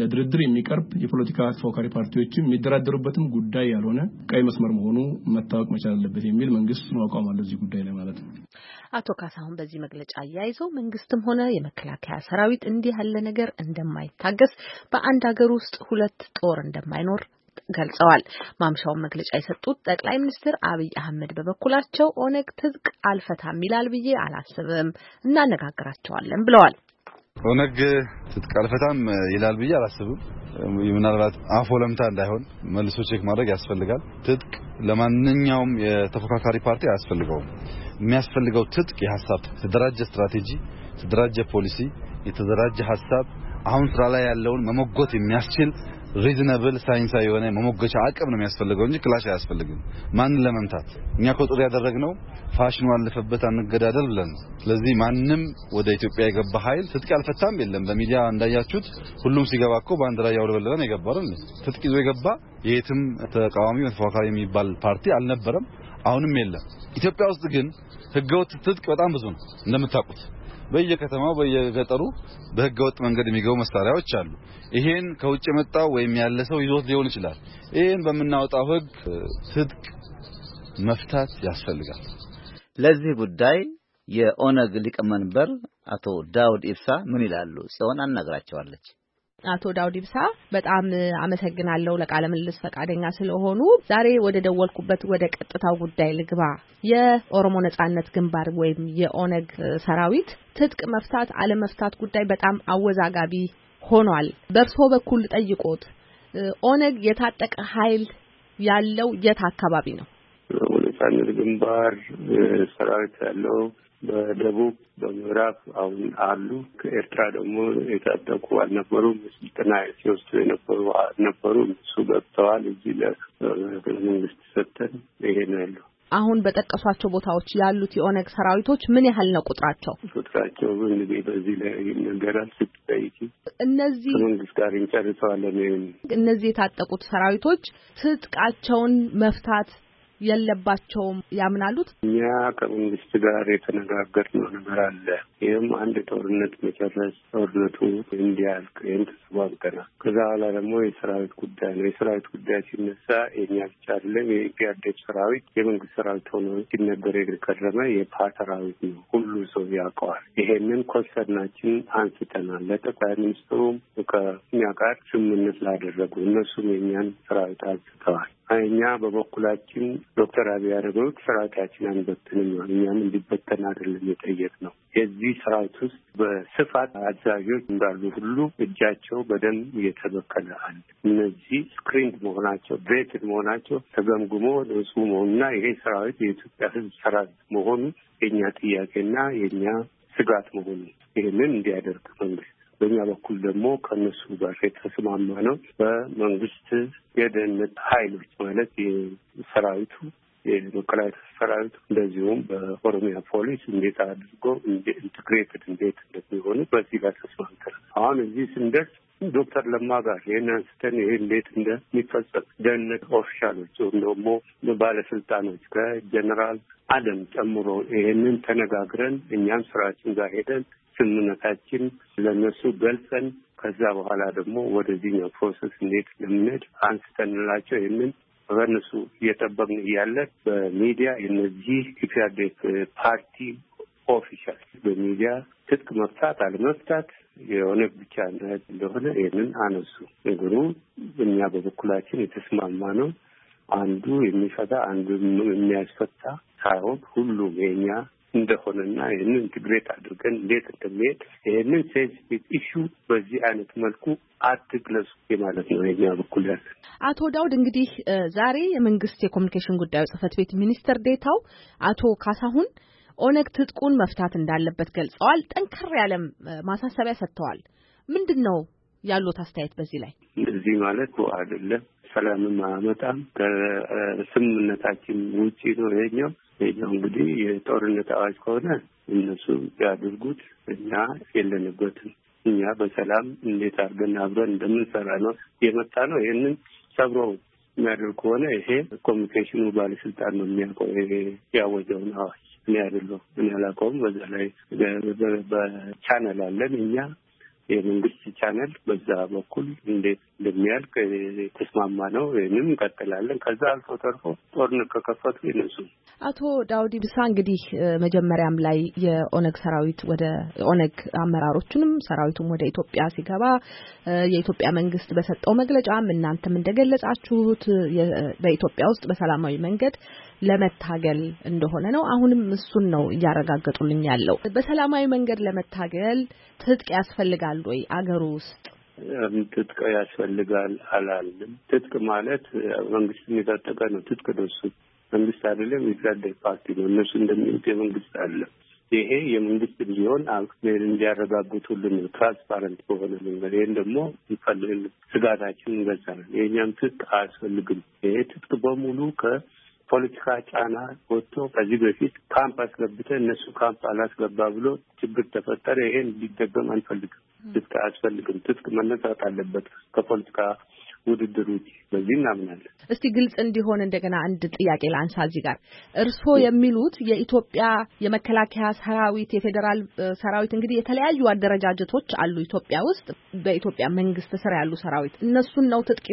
ለድርድር የሚቀርብ የፖለቲካ ተፎካካሪ ፓርቲዎችም የሚደራደሩበትም ጉዳይ ያልሆነ ቀይ መስመር መሆኑ መታወቅ መቻል አለበት የሚል መንግስት ነው አቋም አለ እዚህ ጉዳይ ላይ ማለት ነው። አቶ ካሳሁን በዚህ መግለጫ አያይዘው መንግስትም ሆነ የመከላከያ ሰራዊት እንዲህ ያለ ነገር እንደማይታገስ፣ በአንድ ሀገር ውስጥ ሁለት ጦር እንደማይኖር ገልጸዋል። ማምሻውን መግለጫ የሰጡት ጠቅላይ ሚኒስትር አብይ አህመድ በበኩላቸው ኦነግ ትጥቅ አልፈታም ይላል ብዬ አላስብም፣ እናነጋግራቸዋለን ብለዋል። ኦነግ ትጥቅ አልፈታም ይላል ብዬ አላስብም። ምናልባት አፎ ለምታ እንዳይሆን መልሶ ቼክ ማድረግ ያስፈልጋል። ትጥቅ ለማንኛውም የተፎካካሪ ፓርቲ አያስፈልገውም። የሚያስፈልገው ትጥቅ የሀሳብ የተደራጀ ስትራቴጂ፣ የተደራጀ ፖሊሲ፣ የተደራጀ ሀሳብ አሁን ስራ ላይ ያለውን መሞጎት የሚያስችል ሪዝነብል ሳይንሳዊ የሆነ መሞገቻ አቅም ነው የሚያስፈልገው እንጂ ክላሽ አያስፈልግም። ማንን ለመምታት እኛ እኮ ያደረግነው ፋሽኑ አለፈበት አንገዳደል ብለን። ስለዚህ ማንም ወደ ኢትዮጵያ የገባ ኃይል ትጥቅ ያልፈታም የለም። በሚዲያ እንዳያችሁት ሁሉም ሲገባ እኮ ባንዲራ እያውለበለበን የገባው ትጥቅ ይዞ የገባ የየትም ተቃዋሚ ተፎካካሪ የሚባል ፓርቲ አልነበረም፣ አሁንም የለም። ኢትዮጵያ ውስጥ ግን ህገወጥ ትጥቅ በጣም ብዙ ነው እንደምታውቁት። በየከተማው በየገጠሩ በህገ ወጥ መንገድ የሚገቡ መሳሪያዎች አሉ። ይሄን ከውጭ የመጣው ወይም ያለ ሰው ይዞት ሊሆን ይችላል። ይሄን በምናወጣው ህግ ትጥቅ መፍታት ያስፈልጋል። ለዚህ ጉዳይ የኦነግ ሊቀመንበር አቶ ዳውድ ኢብሳ ምን ይላሉ? ጽዮን አናግራቸዋለች። አቶ ዳውድ ኢብሳ በጣም አመሰግናለሁ ለቃለ ምልልስ ፈቃደኛ ስለሆኑ። ዛሬ ወደ ደወልኩበት ወደ ቀጥታው ጉዳይ ልግባ። የኦሮሞ ነጻነት ግንባር ወይም የኦነግ ሰራዊት ትጥቅ መፍታት አለመፍታት ጉዳይ በጣም አወዛጋቢ ሆኗል። በእርሶ በኩል ጠይቆት ኦነግ የታጠቀ ኃይል ያለው የት አካባቢ ነው? ነጻነት ግንባር ሰራዊት ያለው በደቡብ በምዕራብ አሁን አሉ። ከኤርትራ ደግሞ የታጠቁ አልነበሩም። ስልጠና ሲወስዱ የነበሩ አልነበሩ። እሱ ገብተዋል። እዚህ ለመንግስት ሰተን ይሄ ነው ያለው። አሁን በጠቀሷቸው ቦታዎች ያሉት የኦነግ ሰራዊቶች ምን ያህል ነው ቁጥራቸው? ቁጥራቸው እንግዲህ በዚህ ላይ ይነገራል ስትጠይቂ። እነዚህ ከመንግስት ጋር እንጨርሰዋለን። እነዚህ የታጠቁት ሰራዊቶች ትጥቃቸውን መፍታት የለባቸውም ያምናሉት? እኛ ከመንግስት ጋር የተነጋገርነው ነገር አለ። ይህም አንድ ጦርነት መጨረስ፣ ጦርነቱ እንዲያልቅ ይህም ተሰባብተናል። ከዛ በኋላ ደግሞ የሰራዊት ጉዳይ ነው። የሰራዊት ጉዳይ ሲነሳ የኛ ብቻ አይደለም። ሰራዊት የመንግስት ሰራዊት ሆኖ ሲነገር የተከረመ የፓተራዊት ነው። ሁሉ ሰው ያውቀዋል። ይሄንን ኮንሰርናችን አንስተናል። ለጠቅላይ ሚኒስትሩም ከእኛ ጋር ስምምነት ላደረጉ እነሱም የኛን ሰራዊት አንስተዋል። እኛ በበኩላችን ዶክተር አብይ አረጋዊ ስርዓታችን አንበትንም እኛም እንዲበተን አይደለም የጠየቅ ነው። የዚህ ስርዓት ውስጥ በስፋት አዛዦች እንዳሉ ሁሉ እጃቸው በደም እየተበከለ አለ። እነዚህ ስክሪንድ መሆናቸው ቬትድ መሆናቸው ተገምግሞ ንጹ መሆኑና ይሄ ሰራዊት የኢትዮጵያ ሕዝብ ሰራዊት መሆኑ የእኛ ጥያቄና የእኛ ስጋት መሆኑ ይህንን እንዲያደርግ መንግስት በእኛ በኩል ደግሞ ከእነሱ ጋር የተስማማ ነው። በመንግስት የደህንነት ኃይሎች ማለት የሰራዊቱ የመከላከያ ሰራዊት እንደዚሁም በኦሮሚያ ፖሊስ እንዴት አድርጎ ኢንትግሬትድ እንዴት እንደሚሆኑ በዚህ ጋር ተስማምተናል። አሁን እዚህ ስንደርስ ዶክተር ለማ ጋር ይህን አንስተን ይህ እንዴት እንደሚፈጸም ደህንነት ኦፊሻሎች ወይም ደግሞ ባለስልጣኖች ከጀነራል አደም ጨምሮ ይህንን ተነጋግረን እኛም ስራችን ጋር ሄደን ስምምነታችን ለእነሱ ገልጸን ከዛ በኋላ ደግሞ ወደዚህኛው ፕሮሰስ እንዴት ለምንሄድ አንስተንላቸው ይህንን በእነሱ እየጠበቅን እያለን በሚዲያ የነዚህ ኢፒአዴፍ ፓርቲ ኦፊሻል በሚዲያ ትጥቅ መፍታት አለመፍታት የሆነ ብቻ እንደህግ እንደሆነ ይህንን አነሱ። ነገሩ እኛ በበኩላችን የተስማማ ነው። አንዱ የሚፈታ አንዱ የሚያስፈታ ሳይሆን ሁሉም የኛ እንደሆነና ይህንን ትግሬት አድርገን እንዴት እንደሚሄድ ይህንን ሴንስቲቭ ኢሹ በዚህ አይነት መልኩ አትግለጹ ማለት ነው የኛ በኩል ያለ። አቶ ዳውድ እንግዲህ ዛሬ የመንግስት የኮሚኒኬሽን ጉዳዩ ጽህፈት ቤት ሚኒስትር ዴታው አቶ ካሳሁን ኦነግ ትጥቁን መፍታት እንዳለበት ገልጸዋል። ጠንከር ያለ ማሳሰቢያ ሰጥተዋል። ምንድን ነው ያሉት አስተያየት በዚህ ላይ? እዚህ ማለት አይደለም ሰላምም አመጣም ከስምምነታችን ውጭ ነው ይሄኛው። ይሄኛው እንግዲህ የጦርነት አዋጅ ከሆነ እነሱ ያድርጉት፣ እኛ የለንበትም። እኛ በሰላም እንዴት አድርገን አብረን እንደምንሰራ ነው የመጣ ነው። ይህንን ሰብሮ የሚያደርግ ከሆነ ይሄ ኮሚኒኬሽኑ ባለስልጣን ነው የሚያውቀው ያወጀውን አዋጅ እኔ አይደለሁም እኔ አላውቀውም። በዛ ላይ በቻነል አለን እኛ የመንግስት ቻነል በዛ በኩል እንዴት እንደሚያልቅ የተስማማ ነው። ይህንም እንቀጥላለን። ከዛ አልፎ ተርፎ ጦርነት ከከፈቱ ይነሱ። አቶ ዳውድ ኢብሳ እንግዲህ መጀመሪያም ላይ የኦነግ ሰራዊት ወደ ኦነግ አመራሮቹንም ሰራዊቱም ወደ ኢትዮጵያ ሲገባ የኢትዮጵያ መንግስት በሰጠው መግለጫም እናንተም እንደገለጻችሁት በኢትዮጵያ ውስጥ በሰላማዊ መንገድ ለመታገል እንደሆነ ነው። አሁንም እሱን ነው እያረጋገጡልኝ ያለው። በሰላማዊ መንገድ ለመታገል ትጥቅ ያስፈልጋል ወይ አገሩ ውስጥ? ትጥቅ ያስፈልጋል አላልም። ትጥቅ ማለት መንግስት የታጠቀ ነው። ትጥቅ ደሱ መንግስት አይደለም፣ የተዳደር ፓርቲ ነው። እነሱ እንደሚሉት የመንግስት አለ። ይሄ የመንግስት ቢሆን አክሜር እንዲያረጋግጡልን ትራንስፓረንት በሆነ መንገድ ይህን ደግሞ ስጋታችን እንገልጻለን። የእኛም ትጥቅ አያስፈልግም። ይሄ ትጥቅ በሙሉ ከ ፖለቲካ ጫና ወጥቶ ከዚህ በፊት ካምፕ አስገብተ እነሱ ካምፕ አላስገባ ብሎ ችግር ተፈጠረ። ይሄን ሊደገም አንፈልግም። ትጥቅ አያስፈልግም። ትጥቅ መነሳት አለበት ከፖለቲካ ውድድር በዚህ እናምናለን። እስቲ ግልጽ እንዲሆን እንደገና አንድ ጥያቄ ለአንሳ እዚህ ጋር እርስዎ የሚሉት የኢትዮጵያ የመከላከያ ሰራዊት የፌዴራል ሰራዊት እንግዲህ የተለያዩ አደረጃጀቶች አሉ ኢትዮጵያ ውስጥ በኢትዮጵያ መንግስት ስር ያሉ ሰራዊት እነሱን ነው ትጥቅ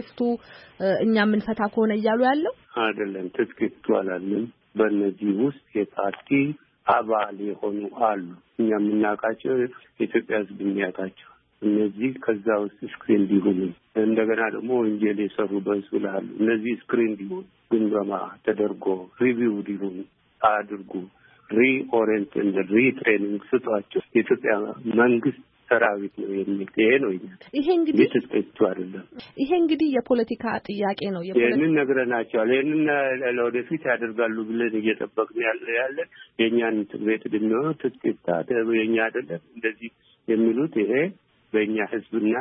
እኛ የምንፈታ ከሆነ እያሉ ያለው አይደለም። ትጥቅ ይፍቱ አላለም። በእነዚህ ውስጥ የፓርቲ አባል የሆኑ አሉ። እኛ የምናውቃቸው የኢትዮጵያ ህዝብ የሚያውቃቸው እነዚህ ከዛ ውስጥ ስክሪን እንዲሆኑ እንደገና ደግሞ ወንጀል የሰሩ በንሱ ላሉ እነዚህ ስክሪን እንዲሆኑ ግምገማ ተደርጎ ሪቪው እንዲሆኑ አድርጉ። ሪኦሪንት ሪትሬኒንግ ስጧቸው። የኢትዮጵያ መንግስት ሰራዊት ነው የሚል ይሄ ነው ይሄ እንግዲህ ትጥቅቱ አይደለም። ይሄ እንግዲህ የፖለቲካ ጥያቄ ነው። ይህንን ነግረናቸዋል። ይህንን ለወደፊት ያደርጋሉ ብለን እየጠበቅን ያለ ያለ የእኛን ትግቤት ድንሆ ትጥቅታ የእኛ አይደለም እንደዚህ የሚሉት ይሄ በእኛ ህዝብና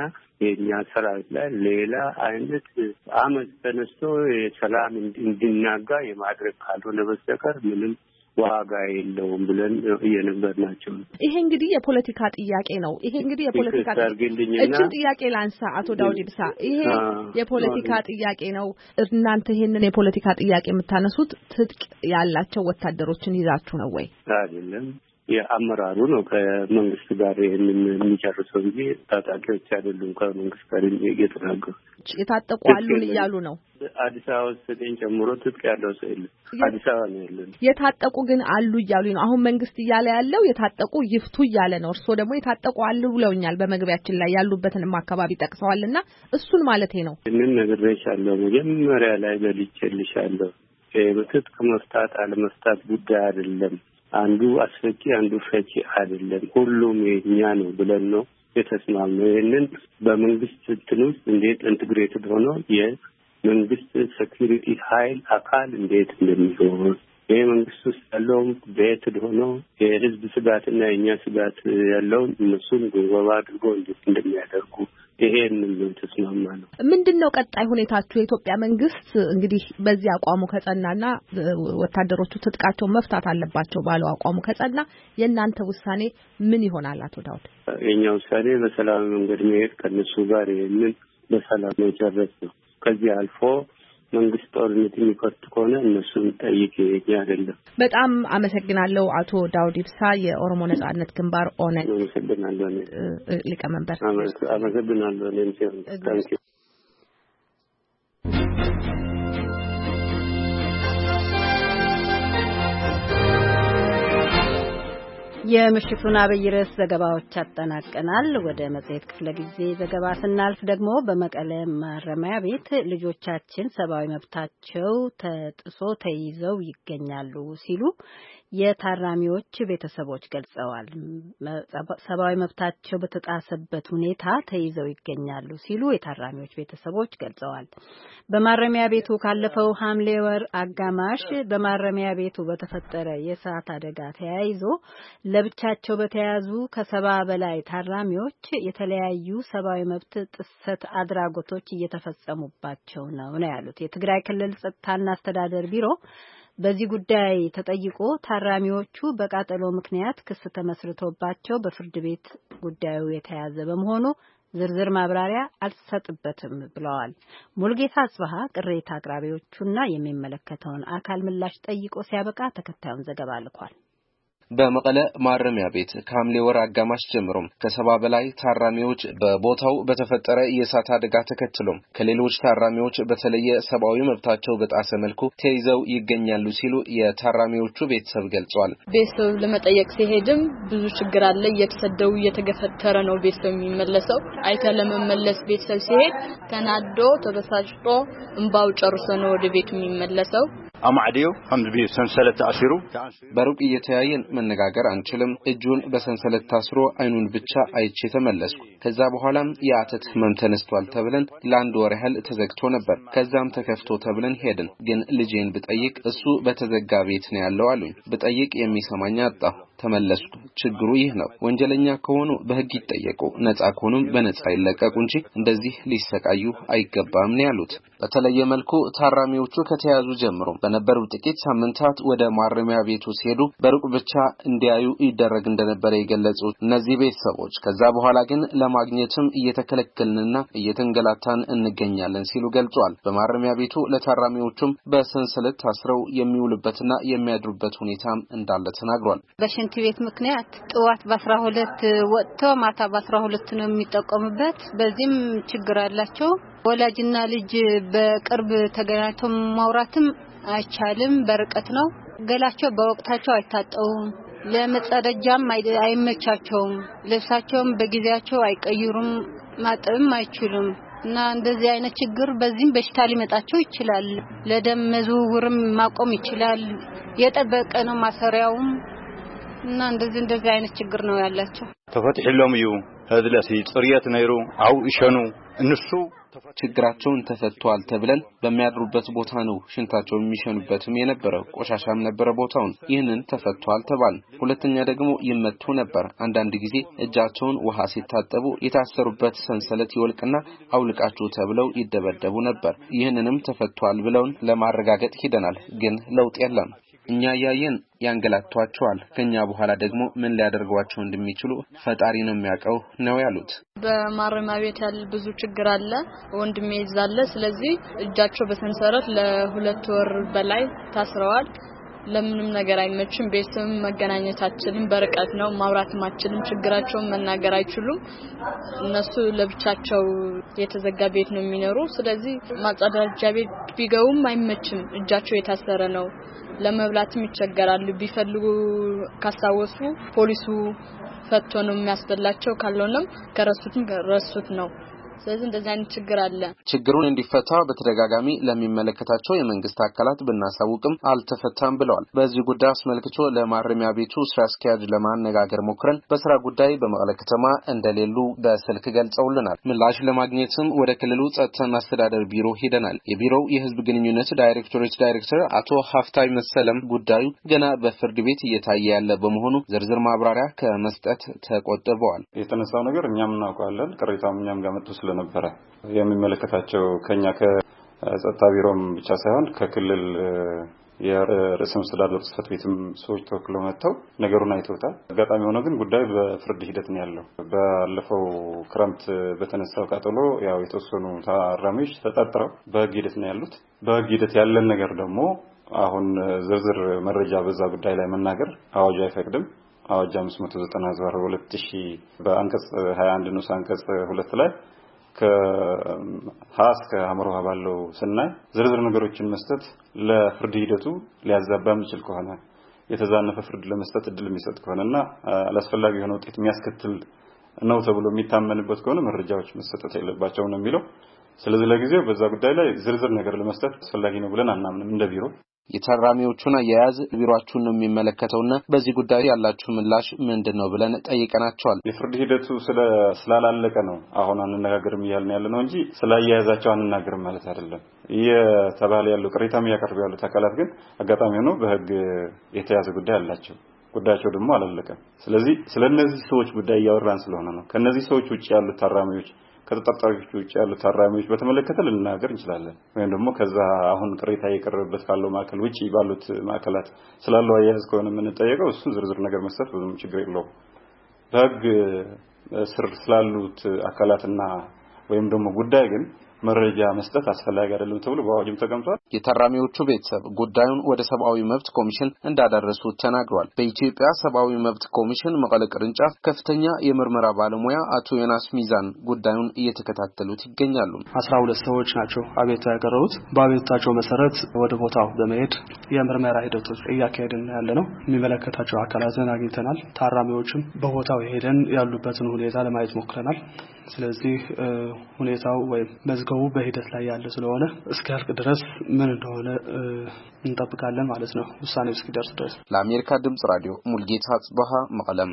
የእኛ ሰራዊት ላይ ሌላ አይነት አመፅ ተነስቶ የሰላም እንዲናጋ የማድረግ ካልሆነ በስተቀር ምንም ዋጋ የለውም ብለን እየነበር ናቸው። ይሄ እንግዲህ የፖለቲካ ጥያቄ ነው። ይሄ እንግዲህ የፖለቲካ እችን ጥያቄ ላንሳ። አቶ ዳውድ ኢብሳ፣ ይሄ የፖለቲካ ጥያቄ ነው። እናንተ ይሄንን የፖለቲካ ጥያቄ የምታነሱት ትጥቅ ያላቸው ወታደሮችን ይዛችሁ ነው ወይ? አይደለም የአመራሩ ነው ከመንግስት ጋር ይህንን የሚጨርሰው እንጂ ታጣቂዎች አይደሉም ከመንግስት ጋር እየተናገሩ የታጠቁ አሉን እያሉ ነው። አዲስ አበባ ውስጥ ጨምሮ ትጥቅ ያለው ሰው የለም። አዲስ አበባ ነው ያለን። የታጠቁ ግን አሉ እያሉ ነው። አሁን መንግስት እያለ ያለው የታጠቁ ይፍቱ እያለ ነው። እርስዎ ደግሞ የታጠቁ አሉ ብለውኛል። በመግቢያችን ላይ ያሉበትንም አካባቢ ጠቅሰዋል እና እሱን ማለቴ ነው። ምን ነግሬሻለሁ፣ መጀመሪያ ላይ በልቼልሻለሁ። ትጥቅ መፍታት አለመፍታት ጉዳይ አይደለም። አንዱ አስፈጪ አንዱ ፈጪ አይደለም፣ ሁሉም የኛ ነው ብለን ነው የተስማማነው። ይህንን በመንግስት እንትን ውስጥ እንዴት ኢንትግሬትድ ሆኖ የመንግስት ሴኪሪቲ ሀይል አካል እንዴት እንደሚሆን ይህ መንግስት ውስጥ ያለውም ቤትድ ሆኖ የህዝብ ስጋትና የእኛ ስጋት ያለውን እነሱም ግንዘባ አድርጎ እንዴት እንደሚያደርጉ ይሄን ተስማማ ነው። ምንድን ነው ቀጣይ ሁኔታችሁ? የኢትዮጵያ መንግስት እንግዲህ በዚህ አቋሙ ከጸናና ወታደሮቹ ትጥቃቸውን መፍታት አለባቸው ባለው አቋሙ ከጸና የእናንተ ውሳኔ ምን ይሆናል? አቶ ዳውድ፣ የኛ ውሳኔ በሰላም መንገድ መሄድ ከእነሱ ጋር ይህንን በሰላም መጨረስ ነው። ከዚህ አልፎ መንግስት ጦርነት የሚከፍት ከሆነ እነሱን ጠይቅ አይደለም። በጣም አመሰግናለሁ አቶ ዳውድ ኢብሳ የኦሮሞ ነጻነት ግንባር ኦነግ። አመሰግናለሁ ሊቀመንበር። አመሰግናለሁ። ሴ የምሽቱን አብይ ርዕስ ዘገባዎች አጠናቀናል። ወደ መጽሔት ክፍለ ጊዜ ዘገባ ስናልፍ ደግሞ በመቀለ ማረሚያ ቤት ልጆቻችን ሰብአዊ መብታቸው ተጥሶ ተይዘው ይገኛሉ ሲሉ የታራሚዎች ቤተሰቦች ገልጸዋል። ሰብአዊ መብታቸው በተጣሰበት ሁኔታ ተይዘው ይገኛሉ ሲሉ የታራሚዎች ቤተሰቦች ገልጸዋል። በማረሚያ ቤቱ ካለፈው ሐምሌ ወር አጋማሽ በማረሚያ ቤቱ በተፈጠረ የእሳት አደጋ ተያይዞ ለብቻቸው በተያዙ ከሰባ በላይ ታራሚዎች የተለያዩ ሰብአዊ መብት ጥሰት አድራጎቶች እየተፈጸሙባቸው ነው ነው ያሉት የትግራይ ክልል ጸጥታና አስተዳደር ቢሮ በዚህ ጉዳይ ተጠይቆ ታራሚዎቹ በቃጠሎ ምክንያት ክስ ተመስርቶባቸው በፍርድ ቤት ጉዳዩ የተያዘ በመሆኑ ዝርዝር ማብራሪያ አልሰጥበትም ብለዋል። ሙልጌታ አጽበሀ ቅሬታ አቅራቢዎቹና የሚመለከተውን አካል ምላሽ ጠይቆ ሲያበቃ ተከታዩን ዘገባ ልኳል። በመቀለ ማረሚያ ቤት ከሐምሌ ወር አጋማሽ ጀምሮም ከሰባ በላይ ታራሚዎች በቦታው በተፈጠረ የእሳት አደጋ ተከትሎም ከሌሎች ታራሚዎች በተለየ ሰብአዊ መብታቸው በጣሰ መልኩ ተይዘው ይገኛሉ ሲሉ የታራሚዎቹ ቤተሰብ ገልጿል። ቤተሰብ ለመጠየቅ ሲሄድም ብዙ ችግር አለ፣ እየተሰደው እየተገፈተረ ነው ቤተሰብ የሚመለሰው። አይተ ለመመለስ ቤተሰብ ሲሄድ ተናዶ ተበሳጭቶ እምባው ጨርሶ ነው ወደ ቤቱ የሚመለሰው። በሩቅ እየተያየን መነጋገር አንችልም። እጁን በሰንሰለት ታስሮ አይኑን ብቻ አይቼ ተመለስኩ። ከዛ በኋላም የአተት ህመም ተነስቷል ተብለን ለአንድ ወር ያህል ተዘግቶ ነበር። ከዛም ተከፍቶ ተብለን ሄድን። ግን ልጄን ብጠይቅ እሱ በተዘጋ ቤት ነው ያለው አሉኝ። ብጠይቅ የሚሰማኝ አጣሁ። ተመለስኩ። ችግሩ ይህ ነው። ወንጀለኛ ከሆኑ በሕግ ይጠየቁ፣ ነጻ ከሆኑም በነጻ ይለቀቁ እንጂ እንደዚህ ሊሰቃዩ አይገባም ነው ያሉት። በተለየ መልኩ ታራሚዎቹ ከተያዙ ጀምሮ በነበሩ ጥቂት ሳምንታት ወደ ማረሚያ ቤቱ ሲሄዱ በሩቅ ብቻ እንዲያዩ ይደረግ እንደነበረ የገለጹት እነዚህ ቤተሰቦች ከዛ በኋላ ግን ለማግኘትም እየተከለከልንና እየተንገላታን እንገኛለን ሲሉ ገልጿል። በማረሚያ ቤቱ ለታራሚዎቹም በሰንሰለት ታስረው የሚውልበትና የሚያድሩበት ሁኔታም እንዳለ ተናግሯል። ሽንት ቤት ምክንያት ጥዋት በአስራ ሁለት ወጥቶ ማታ በአስራ ሁለት ነው የሚጠቀሙበት። በዚህም ችግር አላቸው። ወላጅና ልጅ በቅርብ ተገናኝቶ ማውራትም አይቻልም፣ በርቀት ነው። ገላቸው በወቅታቸው አይታጠውም ለመጸደጃም አይመቻቸውም፣ ልብሳቸውም በጊዜያቸው አይቀይሩም፣ ማጠብም አይችሉም። እና እንደዚህ አይነት ችግር በዚህም በሽታ ሊመጣቸው ይችላል። ለደም ዝውውርም ማቆም ይችላል። የጠበቀ ነው ማሰሪያውም እና እንደዚህ እንደዚህ አይነት ችግር ነው ያላቸው። ተፈትሕሎም እዩ ህዝለሲ ጽርየት ነይሩ አው እሸኑ እንሱ ችግራቸውን ተፈቷል ተብለን በሚያድሩበት ቦታ ነው ሽንታቸው የሚሸኑበትም የነበረው ቆሻሻም ነበረ ቦታውን። ይህንን ተፈቷል ተባል። ሁለተኛ ደግሞ ይመቱ ነበር። አንዳንድ ጊዜ እጃቸውን ውሃ ሲታጠቡ የታሰሩበት ሰንሰለት ይወልቅና አውልቃችሁ ተብለው ይደበደቡ ነበር። ይህንንም ተፈቷል ብለውን ለማረጋገጥ ሂደናል፣ ግን ለውጥ የለም። እኛ እያየን ያንገላቷቸዋል። ከኛ በኋላ ደግሞ ምን ሊያደርጓቸው እንደሚችሉ ፈጣሪ ነው የሚያውቀው ነው ያሉት። በማረሚያ ቤት ያለ ብዙ ችግር አለ። ወንድሜ ይዛለ። ስለዚህ እጃቸው በሰንሰረት ለሁለት ወር በላይ ታስረዋል። ለምንም ነገር አይመችም። ቤተሰብም መገናኘታችንም በርቀት ነው። ማውራትማችንም ችግራቸውን መናገር አይችሉም። እነሱ ለብቻቸው የተዘጋ ቤት ነው የሚኖሩ። ስለዚህ ማጸዳጃ ቤት ቢገቡም አይመችም፣ እጃቸው የታሰረ ነው። ለመብላትም ይቸገራሉ። ቢፈልጉ ካስታወሱ ፖሊሱ ፈቶ ነው የሚያስበላቸው። ካልሆነም ከረሱትም ረሱት ነው። ስለዚህ እንደዚህ አይነት ችግር አለ። ችግሩን እንዲፈታ በተደጋጋሚ ለሚመለከታቸው የመንግስት አካላት ብናሳውቅም አልተፈታም ብለዋል። በዚህ ጉዳይ አስመልክቶ ለማረሚያ ቤቱ ስራ አስኪያጅ ለማነጋገር ሞክረን በስራ ጉዳይ በመቀለ ከተማ እንደሌሉ በስልክ ገልጸውልናል። ምላሽ ለማግኘትም ወደ ክልሉ ጸጥታና አስተዳደር ቢሮ ሄደናል። የቢሮው የህዝብ ግንኙነት ዳይሬክቶሬት ዳይሬክተር አቶ ሀፍታይ መሰለም ጉዳዩ ገና በፍርድ ቤት እየታየ ያለ በመሆኑ ዝርዝር ማብራሪያ ከመስጠት ተቆጥበዋል። የተነሳው ነገር እኛም እናውቀዋለን። ቅሬታም እኛም ጋር መጥቶ ስለነበረ የሚመለከታቸው ከኛ ከጸጥታ ቢሮም ብቻ ሳይሆን ከክልል የርዕሰ መስተዳደር ጽህፈት ቤትም ሰዎች ተወክለው መጥተው ነገሩን አይተውታል። አጋጣሚ ሆኖ ግን ጉዳይ በፍርድ ሂደት ነው ያለው። ባለፈው ክረምት በተነሳው ቃጠሎ ያው የተወሰኑ ታራሚዎች ተጠርጥረው በህግ ሂደት ነው ያሉት። በህግ ሂደት ያለን ነገር ደግሞ አሁን ዝርዝር መረጃ በዛ ጉዳይ ላይ መናገር አዋጁ አይፈቅድም። አዋጅ 590 2000 በአንቀጽ 21 ንዑስ አንቀጽ ሁለት ላይ ከሀ እስከ ባለው ስናይ ዝርዝር ነገሮችን መስጠት ለፍርድ ሂደቱ ሊያዛባ የሚችል ከሆነ የተዛነፈ ፍርድ ለመስጠት እድል የሚሰጥ ከሆነና አላስፈላጊ የሆነ ውጤት የሚያስከትል ነው ተብሎ የሚታመንበት ከሆነ መረጃዎች መሰጠት የለባቸው ነው የሚለው። ስለዚህ ለጊዜው በዛ ጉዳይ ላይ ዝርዝር ነገር ለመስጠት አስፈላጊ ነው ብለን አናምንም እንደ ቢሮ። የታራሚዎቹን አያያዝ ቢሮአችሁን ነው የሚመለከተውና በዚህ ጉዳይ ያላችሁ ምላሽ ምንድን ነው ብለን ጠይቀናቸዋል። የፍርድ ሂደቱ ስላላለቀ ነው አሁን አንነጋገርም እያልን ያለ ነው እንጂ ስለ አያያዛቸው አንናገርም ማለት አይደለም። እየተባለ ያሉ ቅሬታ እያቀርቡ ያሉት አካላት ግን አጋጣሚ ሆኖ በህግ የተያዘ ጉዳይ አላቸው። ጉዳያቸው ደግሞ አላለቀም። ስለዚህ ስለ እነዚህ ሰዎች ጉዳይ እያወራን ስለሆነ ነው። ከእነዚህ ሰዎች ውጭ ያሉት ታራሚዎች ከተጠርጣሪዎች ውጭ ያሉ ታራሚዎች በተመለከተ ልንናገር እንችላለን። ወይም ደግሞ ከዛ አሁን ቅሬታ የቀረበበት ካለው ማዕከል ውጭ ባሉት ማዕከላት ስላለው አያያዝ ከሆነ የምንጠየቀው እሱ ዝርዝር ነገር መስጠት ብዙም ችግር የለውም። በህግ ስር ስላሉት አካላትና ወይም ደግሞ ጉዳይ ግን መረጃ መስጠት አስፈላጊ አይደለም ተብሎ በአዋጅም ተቀምጧል። የታራሚዎቹ ቤተሰብ ጉዳዩን ወደ ሰብአዊ መብት ኮሚሽን እንዳደረሱ ተናግሯል። በኢትዮጵያ ሰብአዊ መብት ኮሚሽን መቀለ ቅርንጫፍ ከፍተኛ የምርመራ ባለሙያ አቶ ዮናስ ሚዛን ጉዳዩን እየተከታተሉት ይገኛሉ። አስራ ሁለት ሰዎች ናቸው አቤቱታ ያቀረቡት። በአቤቱታቸው መሰረት ወደ ቦታው በመሄድ የምርመራ ሂደቶች እያካሄድን ያለ ነው። የሚመለከታቸው አካላትን አግኝተናል። ታራሚዎችም በቦታው ሄደን ያሉበትን ሁኔታ ለማየት ሞክረናል። ስለዚህ ሁኔታው ወይም ምርመራው በሂደት ላይ ያለ ስለሆነ እስኪያልቅ ድረስ ምን እንደሆነ እንጠብቃለን ማለት ነው፣ ውሳኔው እስኪደርስ ድረስ። ለአሜሪካ ድምጽ ራዲዮ ሙልጌታ ጽበሃ መቀለም።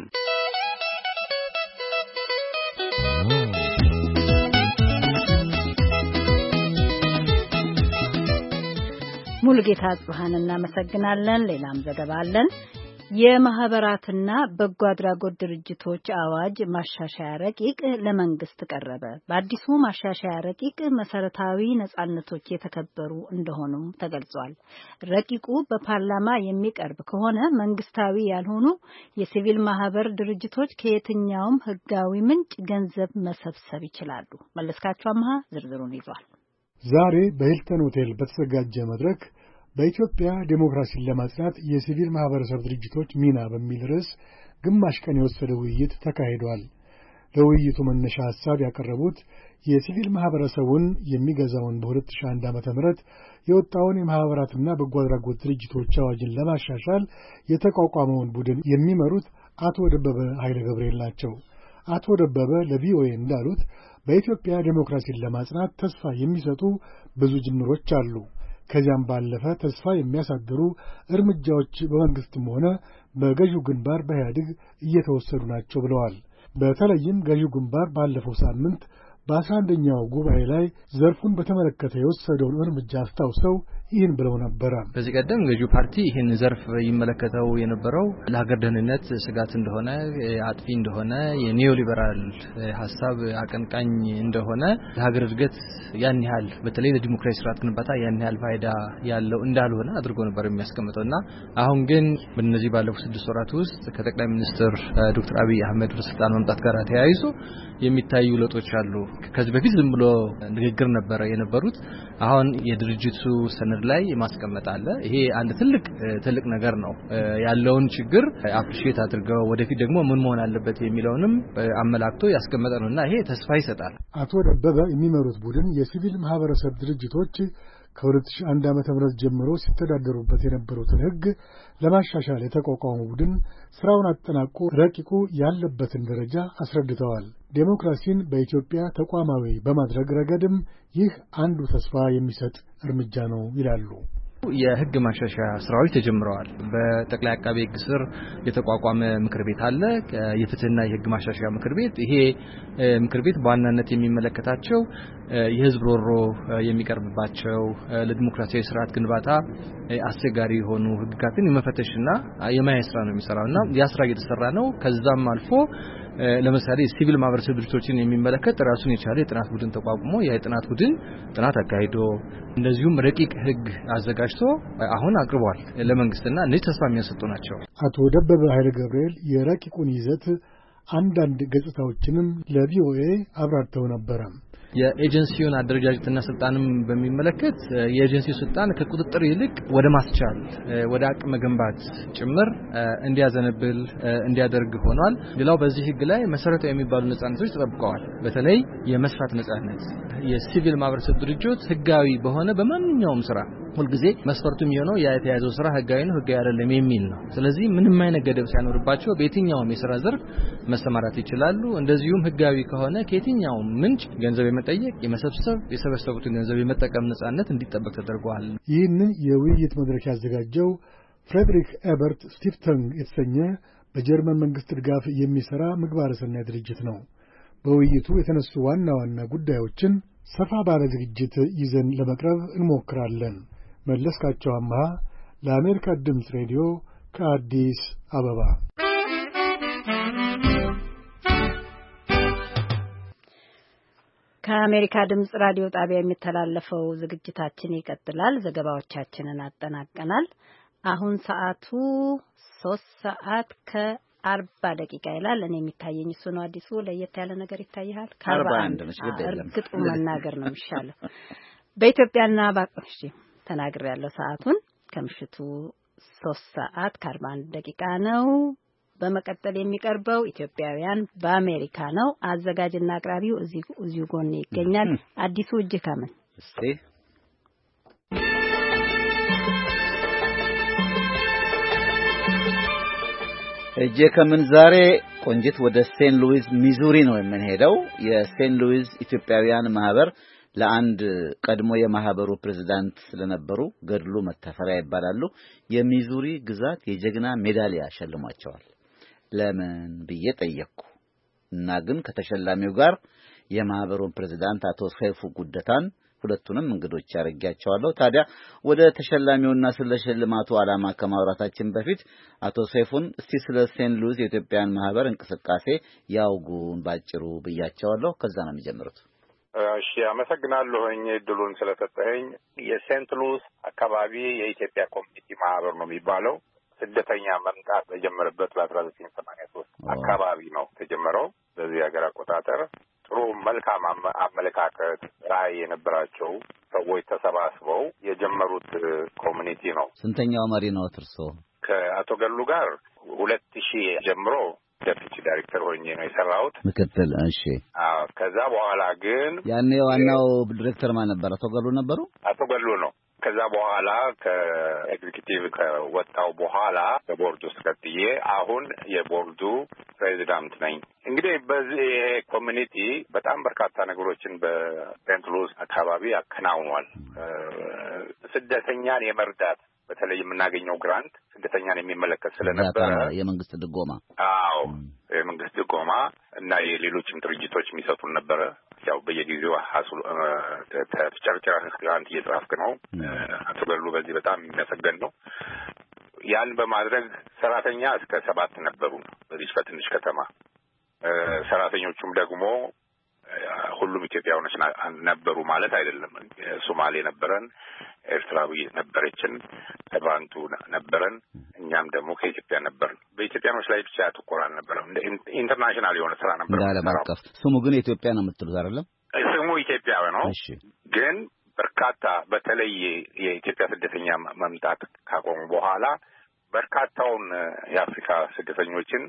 ሙልጌታ ጽሀን እናመሰግናለን። ሌላም ዘገባ አለን። የማህበራትና በጎ አድራጎት ድርጅቶች አዋጅ ማሻሻያ ረቂቅ ለመንግስት ቀረበ። በአዲሱ ማሻሻያ ረቂቅ መሰረታዊ ነጻነቶች የተከበሩ እንደሆኑም ተገልጿል። ረቂቁ በፓርላማ የሚቀርብ ከሆነ መንግስታዊ ያልሆኑ የሲቪል ማህበር ድርጅቶች ከየትኛውም ህጋዊ ምንጭ ገንዘብ መሰብሰብ ይችላሉ። መለስካቸው አምሃ ዝርዝሩን ይዟል። ዛሬ በሂልተን ሆቴል በተዘጋጀ መድረክ በኢትዮጵያ ዴሞክራሲን ለማጽናት የሲቪል ማኅበረሰብ ድርጅቶች ሚና በሚል ርዕስ ግማሽ ቀን የወሰደ ውይይት ተካሂዷል። ለውይይቱ መነሻ ሐሳብ ያቀረቡት የሲቪል ማኅበረሰቡን የሚገዛውን በ2001 ዓ ም የወጣውን የማኅበራትና በጎ አድራጎት ድርጅቶች አዋጅን ለማሻሻል የተቋቋመውን ቡድን የሚመሩት አቶ ደበበ ኃይለ ገብርኤል ናቸው። አቶ ደበበ ለቪኦኤ እንዳሉት በኢትዮጵያ ዴሞክራሲን ለማጽናት ተስፋ የሚሰጡ ብዙ ጅምሮች አሉ። ከዚያም ባለፈ ተስፋ የሚያሳድሩ እርምጃዎች በመንግሥትም ሆነ በገዢው ግንባር በኢህአዴግ እየተወሰዱ ናቸው ብለዋል። በተለይም ገዢው ግንባር ባለፈው ሳምንት በአስራ አንደኛው ጉባኤ ላይ ዘርፉን በተመለከተ የወሰደውን እርምጃ አስታውሰው ይህን ብለው ነበረ። በዚህ ቀደም ገዢው ፓርቲ ይህን ዘርፍ ይመለከተው የነበረው ለሀገር ደህንነት ስጋት እንደሆነ፣ አጥፊ እንደሆነ፣ የኒዮሊበራል ሀሳብ አቀንቃኝ እንደሆነ፣ ለሀገር እድገት ያን ያህል በተለይ ለዲሞክራሲ ስርዓት ግንባታ ያን ያህል ፋይዳ ያለው እንዳልሆነ አድርጎ ነበር የሚያስቀምጠው እና አሁን ግን በነዚህ ባለፉት ስድስት ወራት ውስጥ ከጠቅላይ ሚኒስትር ዶክተር አብይ አህመድ ወደ ስልጣን መምጣት ጋር ተያይዞ የሚታዩ ለውጦች አሉ። ከዚህ በፊት ዝም ብሎ ንግግር ነበረ የነበሩት። አሁን የድርጅቱ ሰነድ ቦርድ ላይ ማስቀመጥ አለ። ይሄ አንድ ትልቅ ትልቅ ነገር ነው። ያለውን ችግር አፕሪሺየት አድርገው ወደፊት ደግሞ ምን መሆን አለበት የሚለውንም አመላክቶ ያስቀመጠ ነው እና ይሄ ተስፋ ይሰጣል። አቶ ደበበ የሚመሩት ቡድን የሲቪል ማህበረሰብ ድርጅቶች ከ2001 ዓ ም ጀምሮ ሲተዳደሩበት የነበሩትን ሕግ ለማሻሻል የተቋቋመ ቡድን ስራውን አጠናቆ ረቂቁ ያለበትን ደረጃ አስረድተዋል። ዴሞክራሲን በኢትዮጵያ ተቋማዊ በማድረግ ረገድም ይህ አንዱ ተስፋ የሚሰጥ እርምጃ ነው ይላሉ። የሕግ ማሻሻያ ስራዎች ተጀምረዋል። በጠቅላይ አቃቤ ሕግ ስር የተቋቋመ ምክር ቤት አለ፣ የፍትህና የሕግ ማሻሻያ ምክር ቤት። ይሄ ምክር ቤት በዋናነት የሚመለከታቸው የህዝብ ሮሮ የሚቀርብባቸው ለዲሞክራሲያዊ ስርዓት ግንባታ አስቸጋሪ የሆኑ ህግጋትን የመፈተሽና የማያ ስራ ነው የሚሰራው እና ያ ስራ እየተሰራ ነው። ከዛም አልፎ ለምሳሌ ሲቪል ማህበረሰብ ድርጅቶችን የሚመለከት ራሱን የቻለ የጥናት ቡድን ተቋቁሞ ያ የጥናት ቡድን ጥናት አካሂዶ እንደዚሁም ረቂቅ ህግ አዘጋጅቶ አሁን አቅርቧል ለመንግስትና እነዚህ ተስፋ የሚያሰጡ ናቸው። አቶ ደበበ ኃይለ ገብርኤል የረቂቁን ይዘት አንዳንድ ገጽታዎችንም ለቪኦኤ አብራርተው ነበረ። የኤጀንሲውን አደረጃጀትና ስልጣንም በሚመለከት የኤጀንሲው ስልጣን ከቁጥጥር ይልቅ ወደ ማስቻል ወደ አቅም መገንባት ጭምር እንዲያዘነብል እንዲያደርግ ሆኗል። ሌላው በዚህ ህግ ላይ መሰረታዊ የሚባሉ ነጻነቶች ተጠብቀዋል። በተለይ የመስራት ነጻነት የሲቪል ማህበረሰብ ድርጅት ህጋዊ በሆነ በማንኛውም ስራ ሁልጊዜ መስፈርቱ የሚሆነው ያ የተያዘው ስራ ህጋዊ ነው፣ ህጋዊ አይደለም የሚል ነው። ስለዚህ ምንም አይነት ገደብ ሳይኖርባቸው በየትኛውም የስራ ዘርፍ መሰማራት ይችላሉ። እንደዚሁም ህጋዊ ከሆነ ከየትኛውም ምንጭ ገንዘብ የመጠየቅ የመሰብሰብ፣ የሰበሰቡትን ገንዘብ የመጠቀም ነጻነት እንዲጠበቅ ተደርገዋል። ይህንን የውይይት መድረክ ያዘጋጀው ፍሬድሪክ ኤበርት ስቲፍተንግ የተሰኘ በጀርመን መንግስት ድጋፍ የሚሰራ ምግባረ ሰናይ ድርጅት ነው። በውይይቱ የተነሱ ዋና ዋና ጉዳዮችን ሰፋ ባለ ዝግጅት ይዘን ለመቅረብ እንሞክራለን። መለስካቸው አምሃ ለአሜሪካ ድምፅ ሬዲዮ ከአዲስ አበባ ከአሜሪካ ድምፅ ራዲዮ ጣቢያ የሚተላለፈው ዝግጅታችን ይቀጥላል። ዘገባዎቻችንን አጠናቀናል። አሁን ሰዓቱ ሶስት ሰዓት ከአርባ ደቂቃ ይላል። እኔ የሚታየኝ እሱ ነው። አዲሱ ለየት ያለ ነገር ይታይሃል? ከአርባ አንድ እርግጡ መናገር ነው የሚሻለው በኢትዮጵያና ባ ያለው ሰዓቱን ከምሽቱ ሶስት ሰዓት ከአርባ አንድ ደቂቃ ነው። በመቀጠል የሚቀርበው ኢትዮጵያውያን በአሜሪካ ነው። አዘጋጅና አቅራቢው እዚሁ ጎን ይገኛል። አዲሱ እጅ ከምን እስቲ እጄ ከምን ዛሬ ቆንጅት ወደ ሴንት ሉዊስ ሚዙሪ ነው የምንሄደው። የሴንት ሉዊስ ኢትዮጵያውያን ማህበር ለአንድ ቀድሞ የማህበሩ ፕሬዚዳንት ስለነበሩ ገድሉ መታፈሪያ ይባላሉ። የሚዙሪ ግዛት የጀግና ሜዳሊያ ሸልሟቸዋል። ለምን ብዬ ጠየቅኩ እና ግን ከተሸላሚው ጋር የማህበሩን ፕሬዚዳንት አቶ ሰይፉ ጉደታን ሁለቱንም እንግዶች ያደርጊያቸዋለሁ። ታዲያ ወደ ተሸላሚውና ስለ ሽልማቱ ዓላማ ከማውራታችን በፊት አቶ ሰይፉን እስቲ ስለ ሴንት ሉዊስ የኢትዮጵያን ማህበር እንቅስቃሴ ያውጉን ባጭሩ ብያቸዋለሁ። ከዛ ነው የሚጀምሩት። እሺ አመሰግናለሁኝ እድሉን ስለሰጠኝ የሴንት ሉስ አካባቢ የኢትዮጵያ ኮሚኒቲ ማህበር ነው የሚባለው ስደተኛ መምጣት በጀመረበት በአስራ ዘጠኝ ሰማንያ ሶስት አካባቢ ነው የተጀመረው። በዚህ ሀገር አቆጣጠር ጥሩ መልካም አመለካከት ራዕይ የነበራቸው ሰዎች ተሰባስበው የጀመሩት ኮሚኒቲ ነው። ስንተኛው መሪ ነው እርሶ? ከአቶ ገሉ ጋር ሁለት ሺህ ጀምሮ ደፍች ዳይሬክተር ሆኜ ነው የሰራሁት። ምክትል እሺ። ከዛ በኋላ ግን ያኔ ዋናው ዲሬክተር ማን ነበር? አቶ ገሉ ነበሩ። አቶ ገሉ ነው። ከዛ በኋላ ከኤግዚኪቲቭ ከወጣው በኋላ በቦርድ ውስጥ ቀጥዬ አሁን የቦርዱ ፕሬዚዳንት ነኝ። እንግዲህ በዚህ ይሄ ኮሚኒቲ በጣም በርካታ ነገሮችን በሴንት ሉዊስ አካባቢ አከናውኗል። ስደተኛን የመርዳት በተለይ የምናገኘው ግራንት ስደተኛን የሚመለከት ስለነበረ የመንግስት ድጎማ አዎ፣ የመንግስት ድጎማ እና የሌሎችም ድርጅቶች የሚሰጡን ነበረ። ያው በየጊዜው ተፍጨርጭራ ግራንት እየጻፍክ ነው። አቶ ገሉ በዚህ በጣም የሚያሰገን ነው። ያን በማድረግ ሰራተኛ እስከ ሰባት ነበሩ በዚህ በትንሽ ከተማ ሰራተኞቹም ደግሞ ሁሉም ኢትዮጵያውያኖች ነበሩ ማለት አይደለም። ሶማሌ ነበረን፣ ኤርትራዊ ነበረችን፣ ተባንቱ ነበረን፣ እኛም ደግሞ ከኢትዮጵያ ነበር በኢትዮጵያኖች ላይ ብቻ ያተኮረ አልነበረም። ኢንተርናሽናል የሆነ ስራ ነበር። አቀፍ ስሙ ግን ኢትዮጵያ ነው የምትሉት አይደለም? ስሙ ኢትዮጵያዊ ነው ግን በርካታ በተለይ የኢትዮጵያ ስደተኛ መምጣት ካቆሙ በኋላ በርካታውን የአፍሪካ ስደተኞችን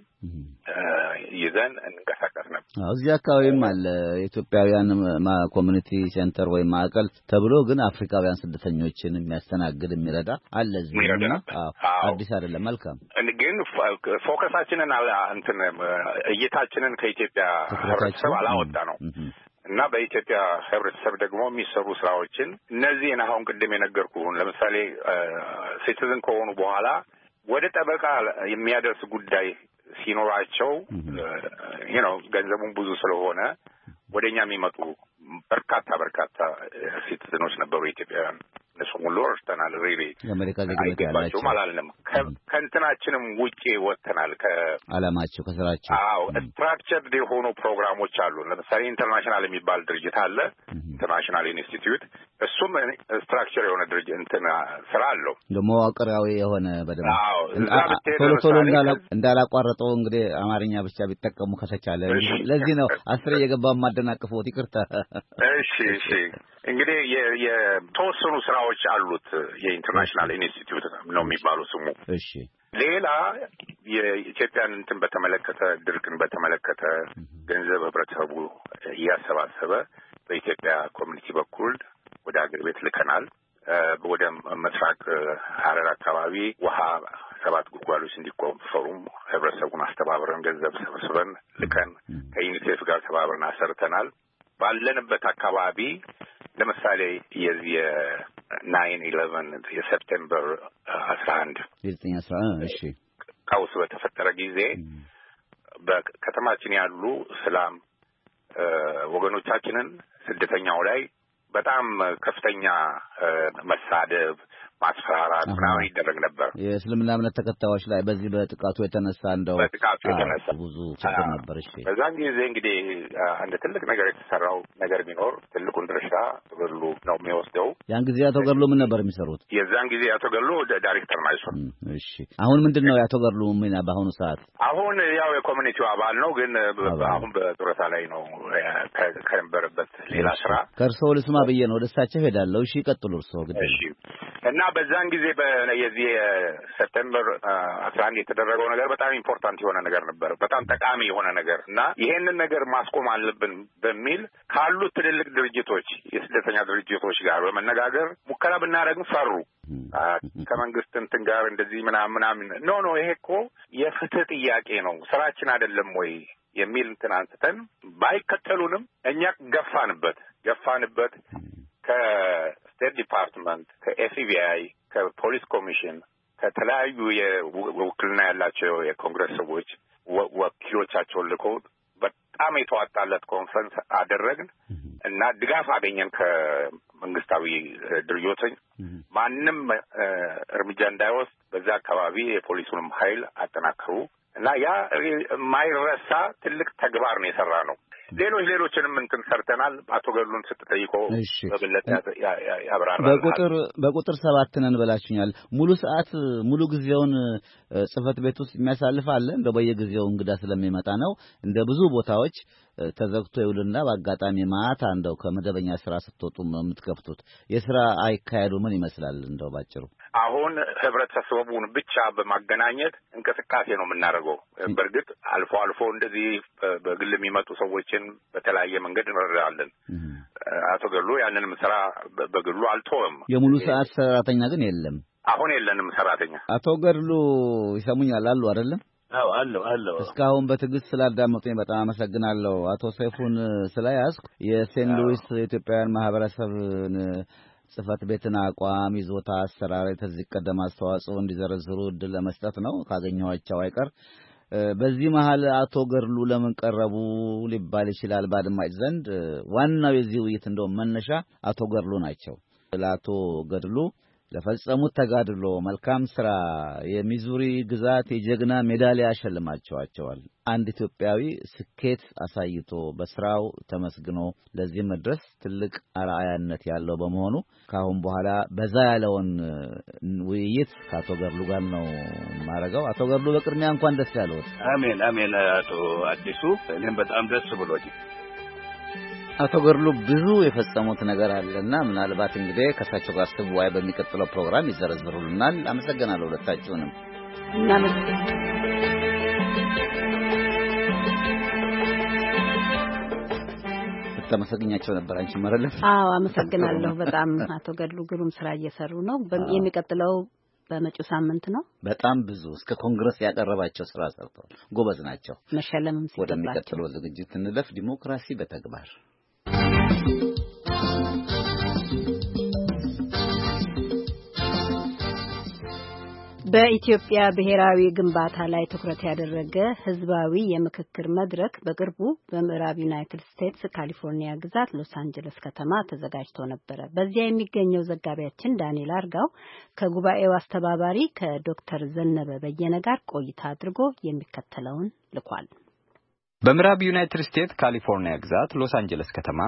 ይዘን እንንቀሳቀስ ነበር። እዚህ አካባቢም አለ የኢትዮጵያውያን ኮሚኒቲ ሴንተር ወይም ማዕከል ተብሎ ግን አፍሪካውያን ስደተኞችን የሚያስተናግድ የሚረዳ አለ። አዲስ አይደለም። መልካም ግን ፎከሳችንን እንትን እይታችንን ከኢትዮጵያ ህብረተሰብ አላወጣ ነው እና በኢትዮጵያ ህብረተሰብ ደግሞ የሚሰሩ ስራዎችን እነዚህን አሁን ቅድም የነገርኩህን ለምሳሌ ሲቲዝን ከሆኑ በኋላ ወደ ጠበቃ የሚያደርስ ጉዳይ ሲኖራቸው ነው ገንዘቡን ብዙ ስለሆነ ወደ እኛ የሚመጡ በርካታ በርካታ ሲቲዝኖች ነበሩ ኢትዮጵያውያን። እነሱም ሁሉ ረድተናል። ሬሌ አይገባቸውም አላልንም። ከእንትናችንም ውጭ ወጥተናል። ከአላማቸው ከስራቸው። አዎ ስትራክቸርድ የሆኑ ፕሮግራሞች አሉ። ለምሳሌ ኢንተርናሽናል የሚባል ድርጅት አለ። ኢንተርናሽናል ኢንስቲትዩት እሱም ስትራክቸር የሆነ ድርጅት እንትን ስራ አለው መዋቅራዊ የሆነ በደምብ ቶሎ ቶሎ እንዳላቋረጠው እንግዲህ አማርኛ ብቻ ቢጠቀሙ ከተቻለ። ለዚህ ነው አስሬ እየገባ ማደናቅፎት። ይቅርታ። እሺ፣ እሺ። እንግዲህ የተወሰኑ ስራዎች አሉት። የኢንተርናሽናል ኢንስቲትዩት ነው የሚባሉ ስሙ። እሺ። ሌላ የኢትዮጵያን እንትን በተመለከተ ድርቅን በተመለከተ ገንዘብ ህብረተሰቡ እያሰባሰበ በኢትዮጵያ ኮሚኒቲ በኩል ወደ ሀገር ቤት ልከናል። ወደ ምስራቅ ሀረር አካባቢ ውሃ ሰባት ጉድጓዶች እንዲቆፈሩም ህብረተሰቡን አስተባብረን ገንዘብ ሰብስበን ልከን ከዩኒሴፍ ጋር ተባብረን አሰርተናል። ባለንበት አካባቢ ለምሳሌ የዚህ የናይን ኢለቨን የሰፕቴምበር አስራ አንድ የዘጠኝ አስራ እሺ ቀውስ በተፈጠረ ጊዜ በከተማችን ያሉ ስላም ወገኖቻችንን ስደተኛው ላይ በጣም ከፍተኛ መሳደብ ማስፈራራት ምናምን ይደረግ ነበር የእስልምና እምነት ተከታዮች ላይ በዚህ በጥቃቱ የተነሳ እንደው በጥቃቱ የተነሳ ብዙ ችግር ነበር። እሺ በዛን ጊዜ እንግዲህ አንድ ትልቅ ነገር የተሰራው ነገር ቢኖር ትልቁን ድርሻ አቶ ነው የሚወስደው። ያን ጊዜ አቶ ገድሉ ምን ነበር የሚሰሩት? የዛን ጊዜ አቶ ገድሉ ዳይሬክተር ናቸው። እሺ አሁን ምንድን ነው የአቶ ገድሉ ሚና በአሁኑ ሰዓት? አሁን ያው የኮሚኒቲው አባል ነው፣ ግን አሁን በጡረታ ላይ ነው ከነበረበት ሌላ ስራ። ከእርስዎ ልስማ ብዬ ነው ወደ እሳቸው ሄዳለሁ። እሺ ይቀጥሉ እርስዎ። ግ እና በዛን ጊዜ የዚህ ሰፕቴምበር አስራ አንድ የተደረገው ነገር በጣም ኢምፖርታንት የሆነ ነገር ነበር፣ በጣም ጠቃሚ የሆነ ነገር እና ይሄንን ነገር ማስቆም አለብን በሚል ካሉት ትልልቅ ድርጅቶች የስደተኛ ድርጅቶች ጋር በመነጋገር ሙከራ ብናደረግም ፈሩ ከመንግስት እንትን ጋር እንደዚህ ምናምን ምናምን ኖ ኖ ይሄ እኮ የፍትህ ጥያቄ ነው ስራችን አይደለም ወይ የሚል እንትን አንስተን ባይከተሉንም እኛ ገፋንበት ገፋንበት ከ ከስቴት ዲፓርትመንት፣ ከኤፍቢአይ፣ ከፖሊስ ኮሚሽን፣ ከተለያዩ የውክልና ያላቸው የኮንግረስ ሰዎች ወኪሎቻቸውን ልኮ በጣም የተዋጣለት ኮንፈረንስ አደረግን እና ድጋፍ አገኘን ከመንግስታዊ ድርጅቶች። ማንም እርምጃ እንዳይወስድ በዛ አካባቢ የፖሊሱንም ኃይል አጠናከሩ እና ያ የማይረሳ ትልቅ ተግባር ነው የሰራ ነው። ሌሎች ሌሎችንም እንትን ሰርተናል። አቶ ገሉን ስትጠይቆ በበለጠ ያብራራል። በቁጥር በቁጥር ሰባት ነን ብላችኛል። ሙሉ ሰዓት ሙሉ ጊዜውን ጽህፈት ቤት ውስጥ የሚያሳልፍ አለ እንደ በየጊዜው እንግዳ ስለሚመጣ ነው እንደ ብዙ ቦታዎች ተዘግቶ ይውልና በአጋጣሚ ማታ እንደው ከመደበኛ ስራ ስትወጡ የምትከፍቱት የስራ አይካሄዱ ምን ይመስላል? እንደው ባጭሩ አሁን ህብረተሰቡን ብቻ በማገናኘት እንቅስቃሴ ነው የምናደርገው። በእርግጥ አልፎ አልፎ እንደዚህ በግል የሚመጡ ሰዎችን በተለያየ መንገድ እንረዳለን። አቶ ገሉ ያንንም ስራ በግሉ አልተወም። የሙሉ ሰዓት ሰራተኛ ግን የለም፣ አሁን የለንም ሰራተኛ። አቶ ገድሉ ይሰሙኛል አሉ አይደለም አዎ አለው አለው። እስካሁን በትዕግስት ስላዳመጡኝ በጣም አመሰግናለሁ። አቶ ሰይፉን ስለያዝኩ የሴንት ሉዊስ የኢትዮጵያውያን ማህበረሰብን ጽህፈት ቤትን አቋም፣ ይዞታ፣ አሰራር የተዚህ ቀደም አስተዋጽኦ እንዲዘረዝሩ እድል ለመስጠት ነው ካገኘኋቸው አይቀር። በዚህ መሀል አቶ ገድሉ ለምን ቀረቡ ሊባል ይችላል በአድማጭ ዘንድ። ዋናው የዚህ ውይይት እንደውም መነሻ አቶ ገድሉ ናቸው። ለአቶ ገድሉ ለፈጸሙት ተጋድሎ መልካም ሥራ የሚዙሪ ግዛት የጀግና ሜዳሊያ ያሸልማቸዋቸዋል። አንድ ኢትዮጵያዊ ስኬት አሳይቶ በስራው ተመስግኖ ለዚህ መድረስ ትልቅ አርአያነት ያለው በመሆኑ ከአሁን በኋላ በዛ ያለውን ውይይት ከአቶ ገርሉ ጋር ነው የማደርገው። አቶ ገርሉ በቅድሚያ እንኳን ደስ ያለዎት። አሜን አሜን። አቶ አዲሱ እኔም በጣም ደስ ብሎኝ አቶ ገርሉ ብዙ የፈጸሙት ነገር አለና ምናልባት እንግዲህ ከእሳቸው ጋር ስዋይ በሚቀጥለው ፕሮግራም ይዘረዝሩልናል። አመሰግናለሁ ሁለታችሁንም። ተመሰግኛቸው ነበር አንቺ መረለፍ። አዎ አመሰግናለሁ በጣም አቶ ገድሉ ግሩም ስራ እየሰሩ ነው። የሚቀጥለው በመጪው ሳምንት ነው። በጣም ብዙ እስከ ኮንግረስ ያቀረባቸው ስራ ሰርተዋል። ጎበዝ ናቸው። መሸለምም ሲገባቸው። ወደሚቀጥለው ዝግጅት እንለፍ። ዲሞክራሲ በተግባር በኢትዮጵያ ብሔራዊ ግንባታ ላይ ትኩረት ያደረገ ህዝባዊ የምክክር መድረክ በቅርቡ በምዕራብ ዩናይትድ ስቴትስ ካሊፎርኒያ ግዛት ሎስ አንጀለስ ከተማ ተዘጋጅቶ ነበረ። በዚያ የሚገኘው ዘጋቢያችን ዳንኤል አርጋው ከጉባኤው አስተባባሪ ከዶክተር ዘነበ በየነ ጋር ቆይታ አድርጎ የሚከተለውን ልኳል። በምዕራብ ዩናይትድ ስቴትስ ካሊፎርኒያ ግዛት ሎስ አንጀለስ ከተማ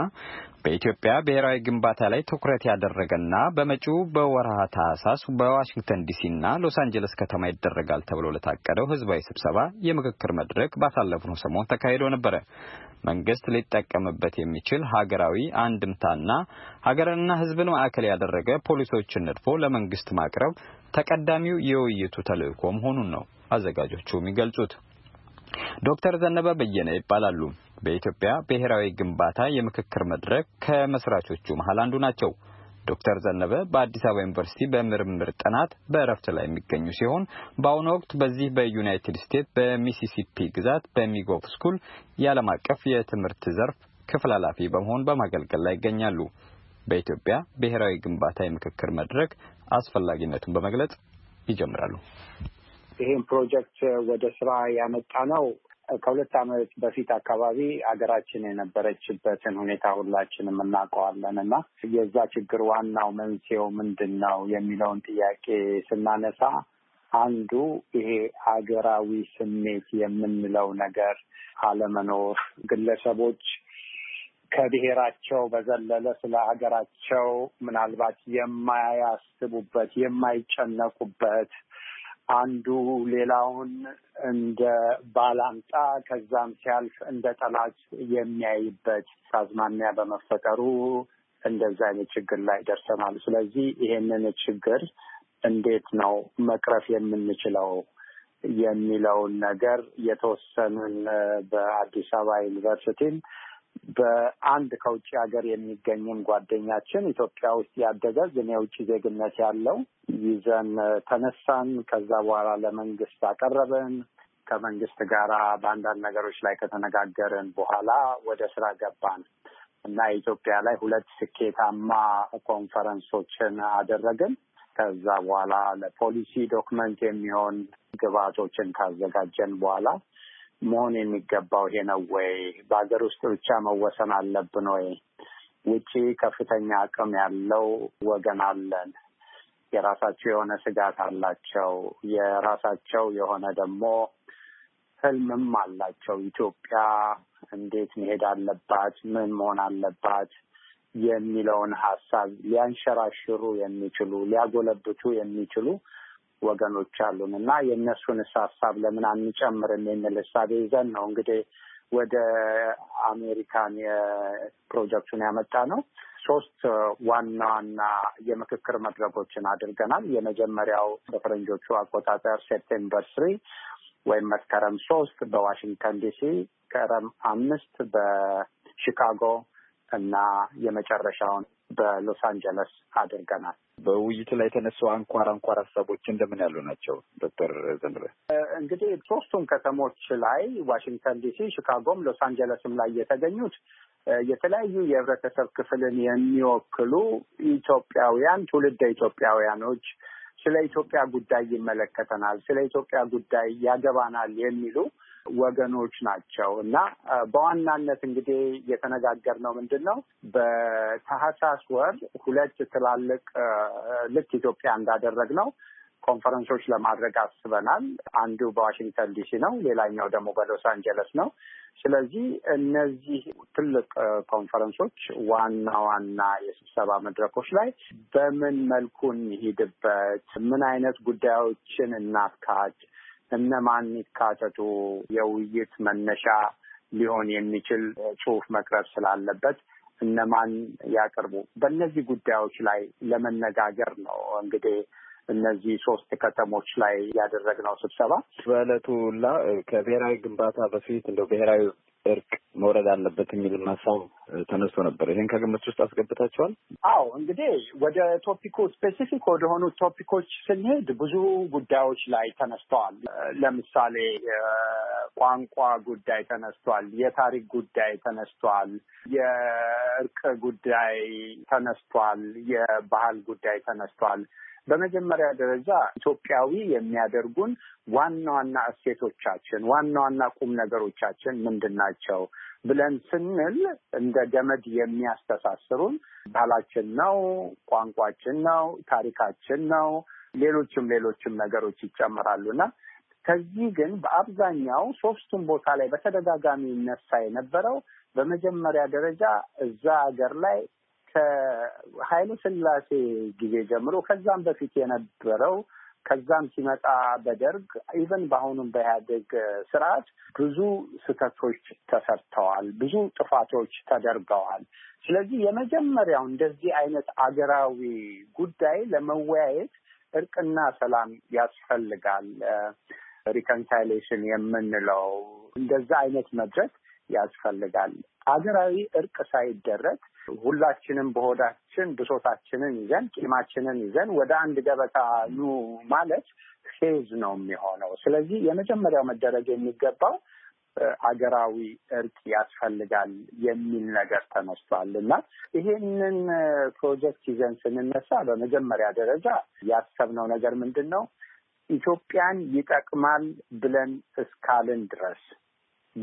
በኢትዮጵያ ብሔራዊ ግንባታ ላይ ትኩረት ያደረገና በመጪው በወርሃ ታህሳስ በዋሽንግተን ዲሲና ሎስ አንጀለስ ከተማ ይደረጋል ተብሎ ለታቀደው ህዝባዊ ስብሰባ የምክክር መድረክ ባሳለፍነው ሰሞን ተካሂዶ ነበረ። መንግስት ሊጠቀምበት የሚችል ሀገራዊ አንድምታና ሀገርንና ህዝብን ማዕከል ያደረገ ፖሊሶችን ነድፎ ለመንግስት ማቅረብ ተቀዳሚው የውይይቱ ተልእኮ መሆኑን ነው አዘጋጆቹ የሚገልጹት። ዶክተር ዘነበ በየነ ይባላሉ። በኢትዮጵያ ብሔራዊ ግንባታ የምክክር መድረክ ከመስራቾቹ መሀል አንዱ ናቸው። ዶክተር ዘነበ በአዲስ አበባ ዩኒቨርሲቲ በምርምር ጥናት በእረፍት ላይ የሚገኙ ሲሆን በአሁኑ ወቅት በዚህ በዩናይትድ ስቴትስ በሚሲሲፒ ግዛት በሚጎፍ ስኩል የዓለም አቀፍ የትምህርት ዘርፍ ክፍል ኃላፊ በመሆን በማገልገል ላይ ይገኛሉ። በኢትዮጵያ ብሔራዊ ግንባታ የምክክር መድረክ አስፈላጊነቱን በመግለጽ ይጀምራሉ። ይህን ፕሮጀክት ወደ ስራ ያመጣ ነው ከሁለት ዓመት በፊት አካባቢ ሀገራችን የነበረችበትን ሁኔታ ሁላችንም እናውቀዋለን እና የዛ ችግር ዋናው መንስኤው ምንድን ነው የሚለውን ጥያቄ ስናነሳ አንዱ ይሄ ሀገራዊ ስሜት የምንለው ነገር አለመኖር፣ ግለሰቦች ከብሔራቸው በዘለለ ስለ ሀገራቸው ምናልባት የማያስቡበት የማይጨነቁበት አንዱ ሌላውን እንደ ባላንጣ ከዛም ሲያልፍ እንደ ጠላት የሚያይበት አዝማሚያ በመፈጠሩ እንደዛ አይነት ችግር ላይ ደርሰናል። ስለዚህ ይሄንን ችግር እንዴት ነው መቅረፍ የምንችለው የሚለውን ነገር የተወሰኑን በአዲስ አበባ ዩኒቨርሲቲም በአንድ ከውጭ ሀገር የሚገኝም ጓደኛችን ኢትዮጵያ ውስጥ ያደገ ግን የውጭ ዜግነት ያለው ይዘን ተነሳን። ከዛ በኋላ ለመንግስት አቀረብን። ከመንግስት ጋር በአንዳንድ ነገሮች ላይ ከተነጋገርን በኋላ ወደ ስራ ገባን እና ኢትዮጵያ ላይ ሁለት ስኬታማ ኮንፈረንሶችን አደረግን። ከዛ በኋላ ለፖሊሲ ዶክመንት የሚሆን ግብአቶችን ካዘጋጀን በኋላ መሆን የሚገባው ይሄ ነው ወይ? በሀገር ውስጥ ብቻ መወሰን አለብን ወይ? ውጪ ከፍተኛ አቅም ያለው ወገን አለን። የራሳቸው የሆነ ስጋት አላቸው። የራሳቸው የሆነ ደግሞ ህልምም አላቸው። ኢትዮጵያ እንዴት መሄድ አለባት፣ ምን መሆን አለባት የሚለውን ሀሳብ ሊያንሸራሽሩ የሚችሉ ሊያጎለብቱ የሚችሉ ወገኖች አሉን እና የእነሱንስ ሀሳብ ለምን አንጨምርም የሚል እሳቤ ይዘን ነው እንግዲህ ወደ አሜሪካን የፕሮጀክቱን ያመጣ ነው። ሶስት ዋና ዋና የምክክር መድረኮችን አድርገናል። የመጀመሪያው በፈረንጆቹ አቆጣጠር ሴፕቴምበር ስሪ ወይም መስከረም ሶስት በዋሽንግተን ዲሲ፣ መስከረም አምስት በሺካጎ እና የመጨረሻውን በሎስ አንጀለስ አድርገናል። በውይይቱ ላይ የተነሱ አንኳር አንኳር ሀሳቦች እንደምን ያሉ ናቸው ዶክተር ዘንድረ? እንግዲህ ሶስቱም ከተሞች ላይ ዋሽንግተን ዲሲ፣ ሺካጎም፣ ሎስ አንጀለስም ላይ የተገኙት የተለያዩ የህብረተሰብ ክፍልን የሚወክሉ ኢትዮጵያውያን ትውልደ ኢትዮጵያውያኖች ስለ ኢትዮጵያ ጉዳይ ይመለከተናል፣ ስለ ኢትዮጵያ ጉዳይ ያገባናል የሚሉ ወገኖች ናቸው እና በዋናነት እንግዲህ የተነጋገርነው ምንድን ነው በታህሳስ ወር ሁለት ትላልቅ ልክ ኢትዮጵያ እንዳደረግ ነው ኮንፈረንሶች ለማድረግ አስበናል። አንዱ በዋሽንግተን ዲሲ ነው፣ ሌላኛው ደግሞ በሎስ አንጀለስ ነው። ስለዚህ እነዚህ ትልቅ ኮንፈረንሶች ዋና ዋና የስብሰባ መድረኮች ላይ በምን መልኩ እንሂድበት፣ ምን አይነት ጉዳዮችን እናካት እነማን ይካተቱ የውይይት መነሻ ሊሆን የሚችል ጽሁፍ መቅረብ ስላለበት እነማን ያቅርቡ፣ በእነዚህ ጉዳዮች ላይ ለመነጋገር ነው እንግዲህ እነዚህ ሶስት ከተሞች ላይ ያደረግነው ስብሰባ በእለቱ ላ ከብሔራዊ ግንባታ በፊት እንደ ብሔራዊ እርቅ መውረድ አለበት የሚል ሀሳብ ተነስቶ ነበር። ይህን ከግምት ውስጥ አስገብታቸዋል? አዎ እንግዲህ ወደ ቶፒኩ ስፔሲፊክ ወደሆኑ ቶፒኮች ስንሄድ ብዙ ጉዳዮች ላይ ተነስተዋል። ለምሳሌ የቋንቋ ጉዳይ ተነስቷል። የታሪክ ጉዳይ ተነስቷል። የእርቅ ጉዳይ ተነስቷል። የባህል ጉዳይ ተነስቷል። በመጀመሪያ ደረጃ ኢትዮጵያዊ የሚያደርጉን ዋና ዋና እሴቶቻችን፣ ዋና ዋና ቁም ነገሮቻችን ምንድን ናቸው ብለን ስንል እንደ ገመድ የሚያስተሳስሩን ባህላችን ነው፣ ቋንቋችን ነው፣ ታሪካችን ነው፣ ሌሎችም ሌሎችም ነገሮች ይጨመራሉና ከዚህ ግን በአብዛኛው ሶስቱም ቦታ ላይ በተደጋጋሚ ይነሳ የነበረው በመጀመሪያ ደረጃ እዛ ሀገር ላይ ከኃይለ ስላሴ ጊዜ ጀምሮ ከዛም በፊት የነበረው ከዛም ሲመጣ በደርግ ኢቨን በአሁኑም በኢህአዴግ ስርዓት ብዙ ስህተቶች ተሰርተዋል፣ ብዙ ጥፋቶች ተደርገዋል። ስለዚህ የመጀመሪያው እንደዚህ አይነት አገራዊ ጉዳይ ለመወያየት እርቅና ሰላም ያስፈልጋል። ሪኮንሳይሌሽን የምንለው እንደዛ አይነት መድረክ ያስፈልጋል። አገራዊ እርቅ ሳይደረግ ሁላችንም በሆዳችን ብሶታችንን ይዘን ቂማችንን ይዘን ወደ አንድ ገበታ ኑ ማለት ፌዝ ነው የሚሆነው። ስለዚህ የመጀመሪያው መደረግ የሚገባው አገራዊ እርቅ ያስፈልጋል የሚል ነገር ተነስቷል እና ይሄንን ፕሮጀክት ይዘን ስንነሳ በመጀመሪያ ደረጃ ያሰብነው ነገር ምንድን ነው? ኢትዮጵያን ይጠቅማል ብለን እስካልን ድረስ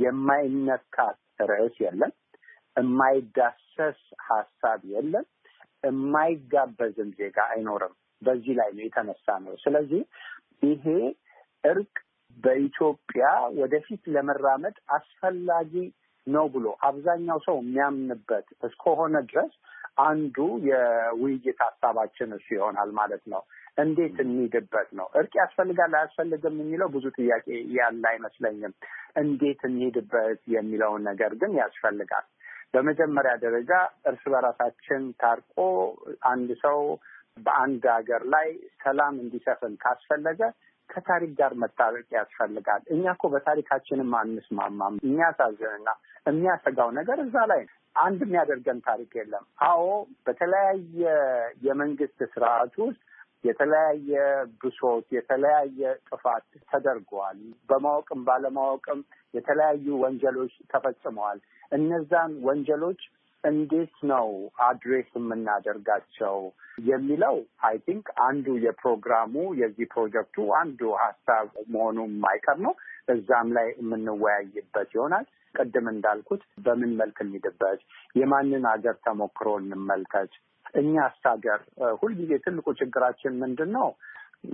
የማይነካ ርዕስ የለም፣ የማይዳስ የሚዳሰስ ሀሳብ የለም። የማይጋበዝም ዜጋ አይኖርም። በዚህ ላይ ነው የተነሳ ነው። ስለዚህ ይሄ እርቅ በኢትዮጵያ ወደፊት ለመራመድ አስፈላጊ ነው ብሎ አብዛኛው ሰው የሚያምንበት እስከሆነ ድረስ አንዱ የውይይት ሀሳባችን እሱ ይሆናል ማለት ነው። እንዴት እንሂድበት ነው። እርቅ ያስፈልጋል አያስፈልግም የሚለው ብዙ ጥያቄ ያለ አይመስለኝም። እንዴት እንሂድበት የሚለውን ነገር ግን ያስፈልጋል። በመጀመሪያ ደረጃ እርስ በራሳችን ታርቆ አንድ ሰው በአንድ ሀገር ላይ ሰላም እንዲሰፍን ካስፈለገ ከታሪክ ጋር መታረቅ ያስፈልጋል። እኛ እኮ በታሪካችንም አንስማማም። የሚያሳዝንና የሚያሰጋው ነገር እዛ ላይ ነው። አንድ የሚያደርገን ታሪክ የለም። አዎ፣ በተለያየ የመንግስት ስርዓት ውስጥ የተለያየ ብሶት፣ የተለያየ ጥፋት ተደርገዋል። በማወቅም ባለማወቅም የተለያዩ ወንጀሎች ተፈጽመዋል። እነዛን ወንጀሎች እንዴት ነው አድሬስ የምናደርጋቸው የሚለው አይ ቲንክ አንዱ የፕሮግራሙ የዚህ ፕሮጀክቱ አንዱ ሀሳብ መሆኑ የማይቀር ነው። እዛም ላይ የምንወያይበት ይሆናል። ቅድም እንዳልኩት በምን መልክ እንሂድበት፣ የማንን አገር ተሞክሮ እንመልከት እኛ አስታገር ሁልጊዜ ትልቁ ችግራችን ምንድን ነው?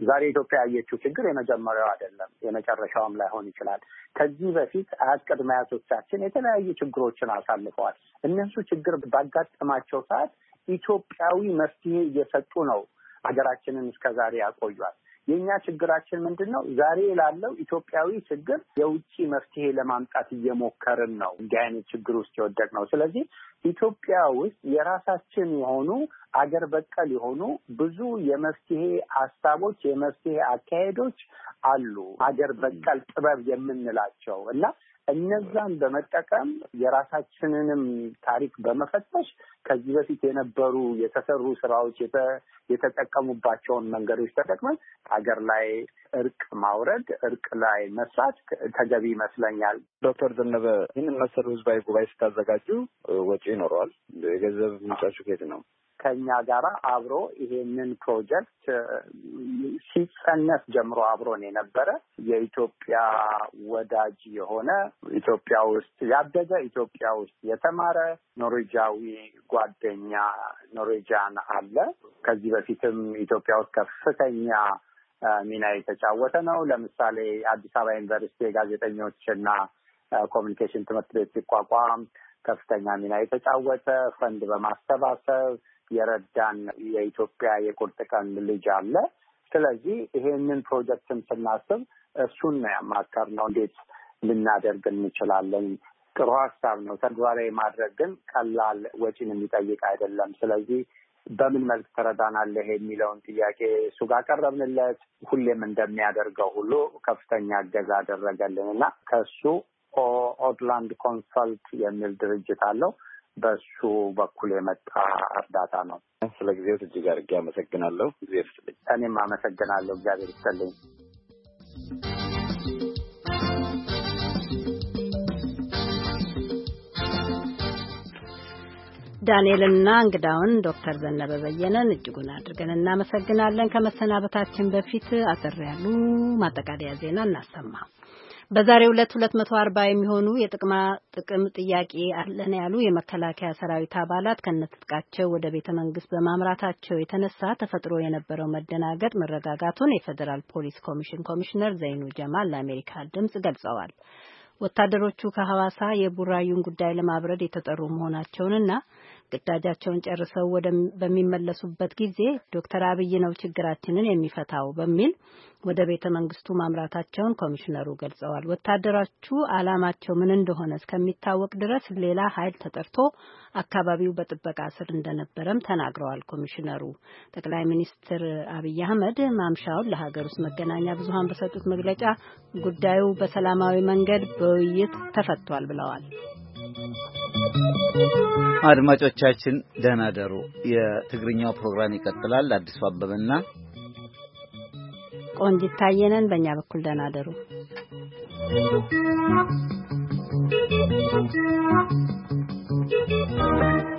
ዛሬ ኢትዮጵያ ያየችው ችግር የመጀመሪያው አይደለም፣ የመጨረሻውም ላይሆን ይችላል። ከዚህ በፊት አያት ቅድመ አያቶቻችን የተለያዩ ችግሮችን አሳልፈዋል። እነሱ ችግር ባጋጠማቸው ሰዓት ኢትዮጵያዊ መፍትሄ እየሰጡ ነው ሀገራችንን እስከ ዛሬ ያቆዩዋል። የእኛ ችግራችን ምንድን ነው? ዛሬ ላለው ኢትዮጵያዊ ችግር የውጭ መፍትሄ ለማምጣት እየሞከርን ነው፣ እንዲህ አይነት ችግር ውስጥ የወደቅ ነው። ስለዚህ ኢትዮጵያ ውስጥ የራሳችን የሆኑ አገር በቀል የሆኑ ብዙ የመፍትሄ ሀሳቦች፣ የመፍትሄ አካሄዶች አሉ። አገር በቀል ጥበብ የምንላቸው እና እነዛን በመጠቀም የራሳችንንም ታሪክ በመፈተሽ ከዚህ በፊት የነበሩ የተሰሩ ስራዎች የተጠቀሙባቸውን መንገዶች ተጠቅመን ሀገር ላይ እርቅ ማውረድ፣ እርቅ ላይ መስራት ተገቢ ይመስለኛል። ዶክተር ዘነበ ይህንን መሰሉ ህዝባዊ ጉባኤ ስታዘጋጁ ወጪ ይኖረዋል። የገንዘብ ምንጫችሁ ከየት ነው? ከኛ ጋራ አብሮ ይሄንን ፕሮጀክት ሲጸነስ ጀምሮ አብሮን የነበረ የኢትዮጵያ ወዳጅ የሆነ ኢትዮጵያ ውስጥ ያደገ ኢትዮጵያ ውስጥ የተማረ ኖርዌጃዊ ጓደኛ ኖርዌጃን አለ። ከዚህ በፊትም ኢትዮጵያ ውስጥ ከፍተኛ ሚና የተጫወተ ነው። ለምሳሌ አዲስ አበባ ዩኒቨርሲቲ የጋዜጠኞችና ኮሚኒኬሽን ትምህርት ቤት ሲቋቋም ከፍተኛ ሚና የተጫወተ ፈንድ በማሰባሰብ የረዳን የኢትዮጵያ የቁርጥ ቀን ልጅ አለ። ስለዚህ ይሄንን ፕሮጀክትን ስናስብ እሱን ነው ነው እንዴት ልናደርግ እንችላለን? ጥሩ ሀሳብ ነው። ተግባራዊ ማድረግ ግን ቀላል ወጪን የሚጠይቅ አይደለም። ስለዚህ በምን መልክ ትረዳናለህ የሚለውን ጥያቄ እሱ ጋር ቀረብንለት። ሁሌም እንደሚያደርገው ሁሉ ከፍተኛ እገዛ አደረገልን እና ከሱ ኦትላንድ ኮንሰልት የሚል ድርጅት አለው በሱ በኩል የመጣ እርዳታ ነው። ስለ ጊዜው እጅግ አድርጌ አመሰግናለሁ። ጊዜ ይስጥልኝ። እኔም አመሰግናለሁ። እግዚአብሔር ይስጥልኝ። ዳንኤልና እንግዳውን ዶክተር ዘነበ በየነን እጅጉን አድርገን እናመሰግናለን። ከመሰናበታችን በፊት አጠር ያሉ ማጠቃለያ ዜና እናሰማ። በዛሬው ዕለት 240 የሚሆኑ የጥቅማ ጥቅም ጥያቄ አለን ያሉ የመከላከያ ሰራዊት አባላት ከነትጥቃቸው ወደ ቤተ መንግስት በማምራታቸው የተነሳ ተፈጥሮ የነበረው መደናገጥ መረጋጋቱን የፌዴራል ፖሊስ ኮሚሽን ኮሚሽነር ዘይኑ ጀማል ለአሜሪካ ድምጽ ገልጸዋል። ወታደሮቹ ከሐዋሳ የቡራዩን ጉዳይ ለማብረድ የተጠሩ መሆናቸውንና ግዳጃቸውን ጨርሰው በሚመለሱበት ጊዜ ዶክተር አብይ ነው ችግራችንን የሚፈታው በሚል ወደ ቤተ መንግስቱ ማምራታቸውን ኮሚሽነሩ ገልጸዋል። ወታደሮቹ ዓላማቸው ምን እንደሆነ እስከሚታወቅ ድረስ ሌላ ኃይል ተጠርቶ አካባቢው በጥበቃ ስር እንደነበረም ተናግረዋል። ኮሚሽነሩ ጠቅላይ ሚኒስትር አብይ አህመድ ማምሻውን ለሀገር ውስጥ መገናኛ ብዙሀን በሰጡት መግለጫ ጉዳዩ በሰላማዊ መንገድ በውይይት ተፈቷል ብለዋል። አድማጮቻችን ደህና ደሩ። የትግርኛው ፕሮግራም ይቀጥላል። አዲሱ አበበና ቆንጂት ታየ በእኛ በኩል ደህና ደሩ።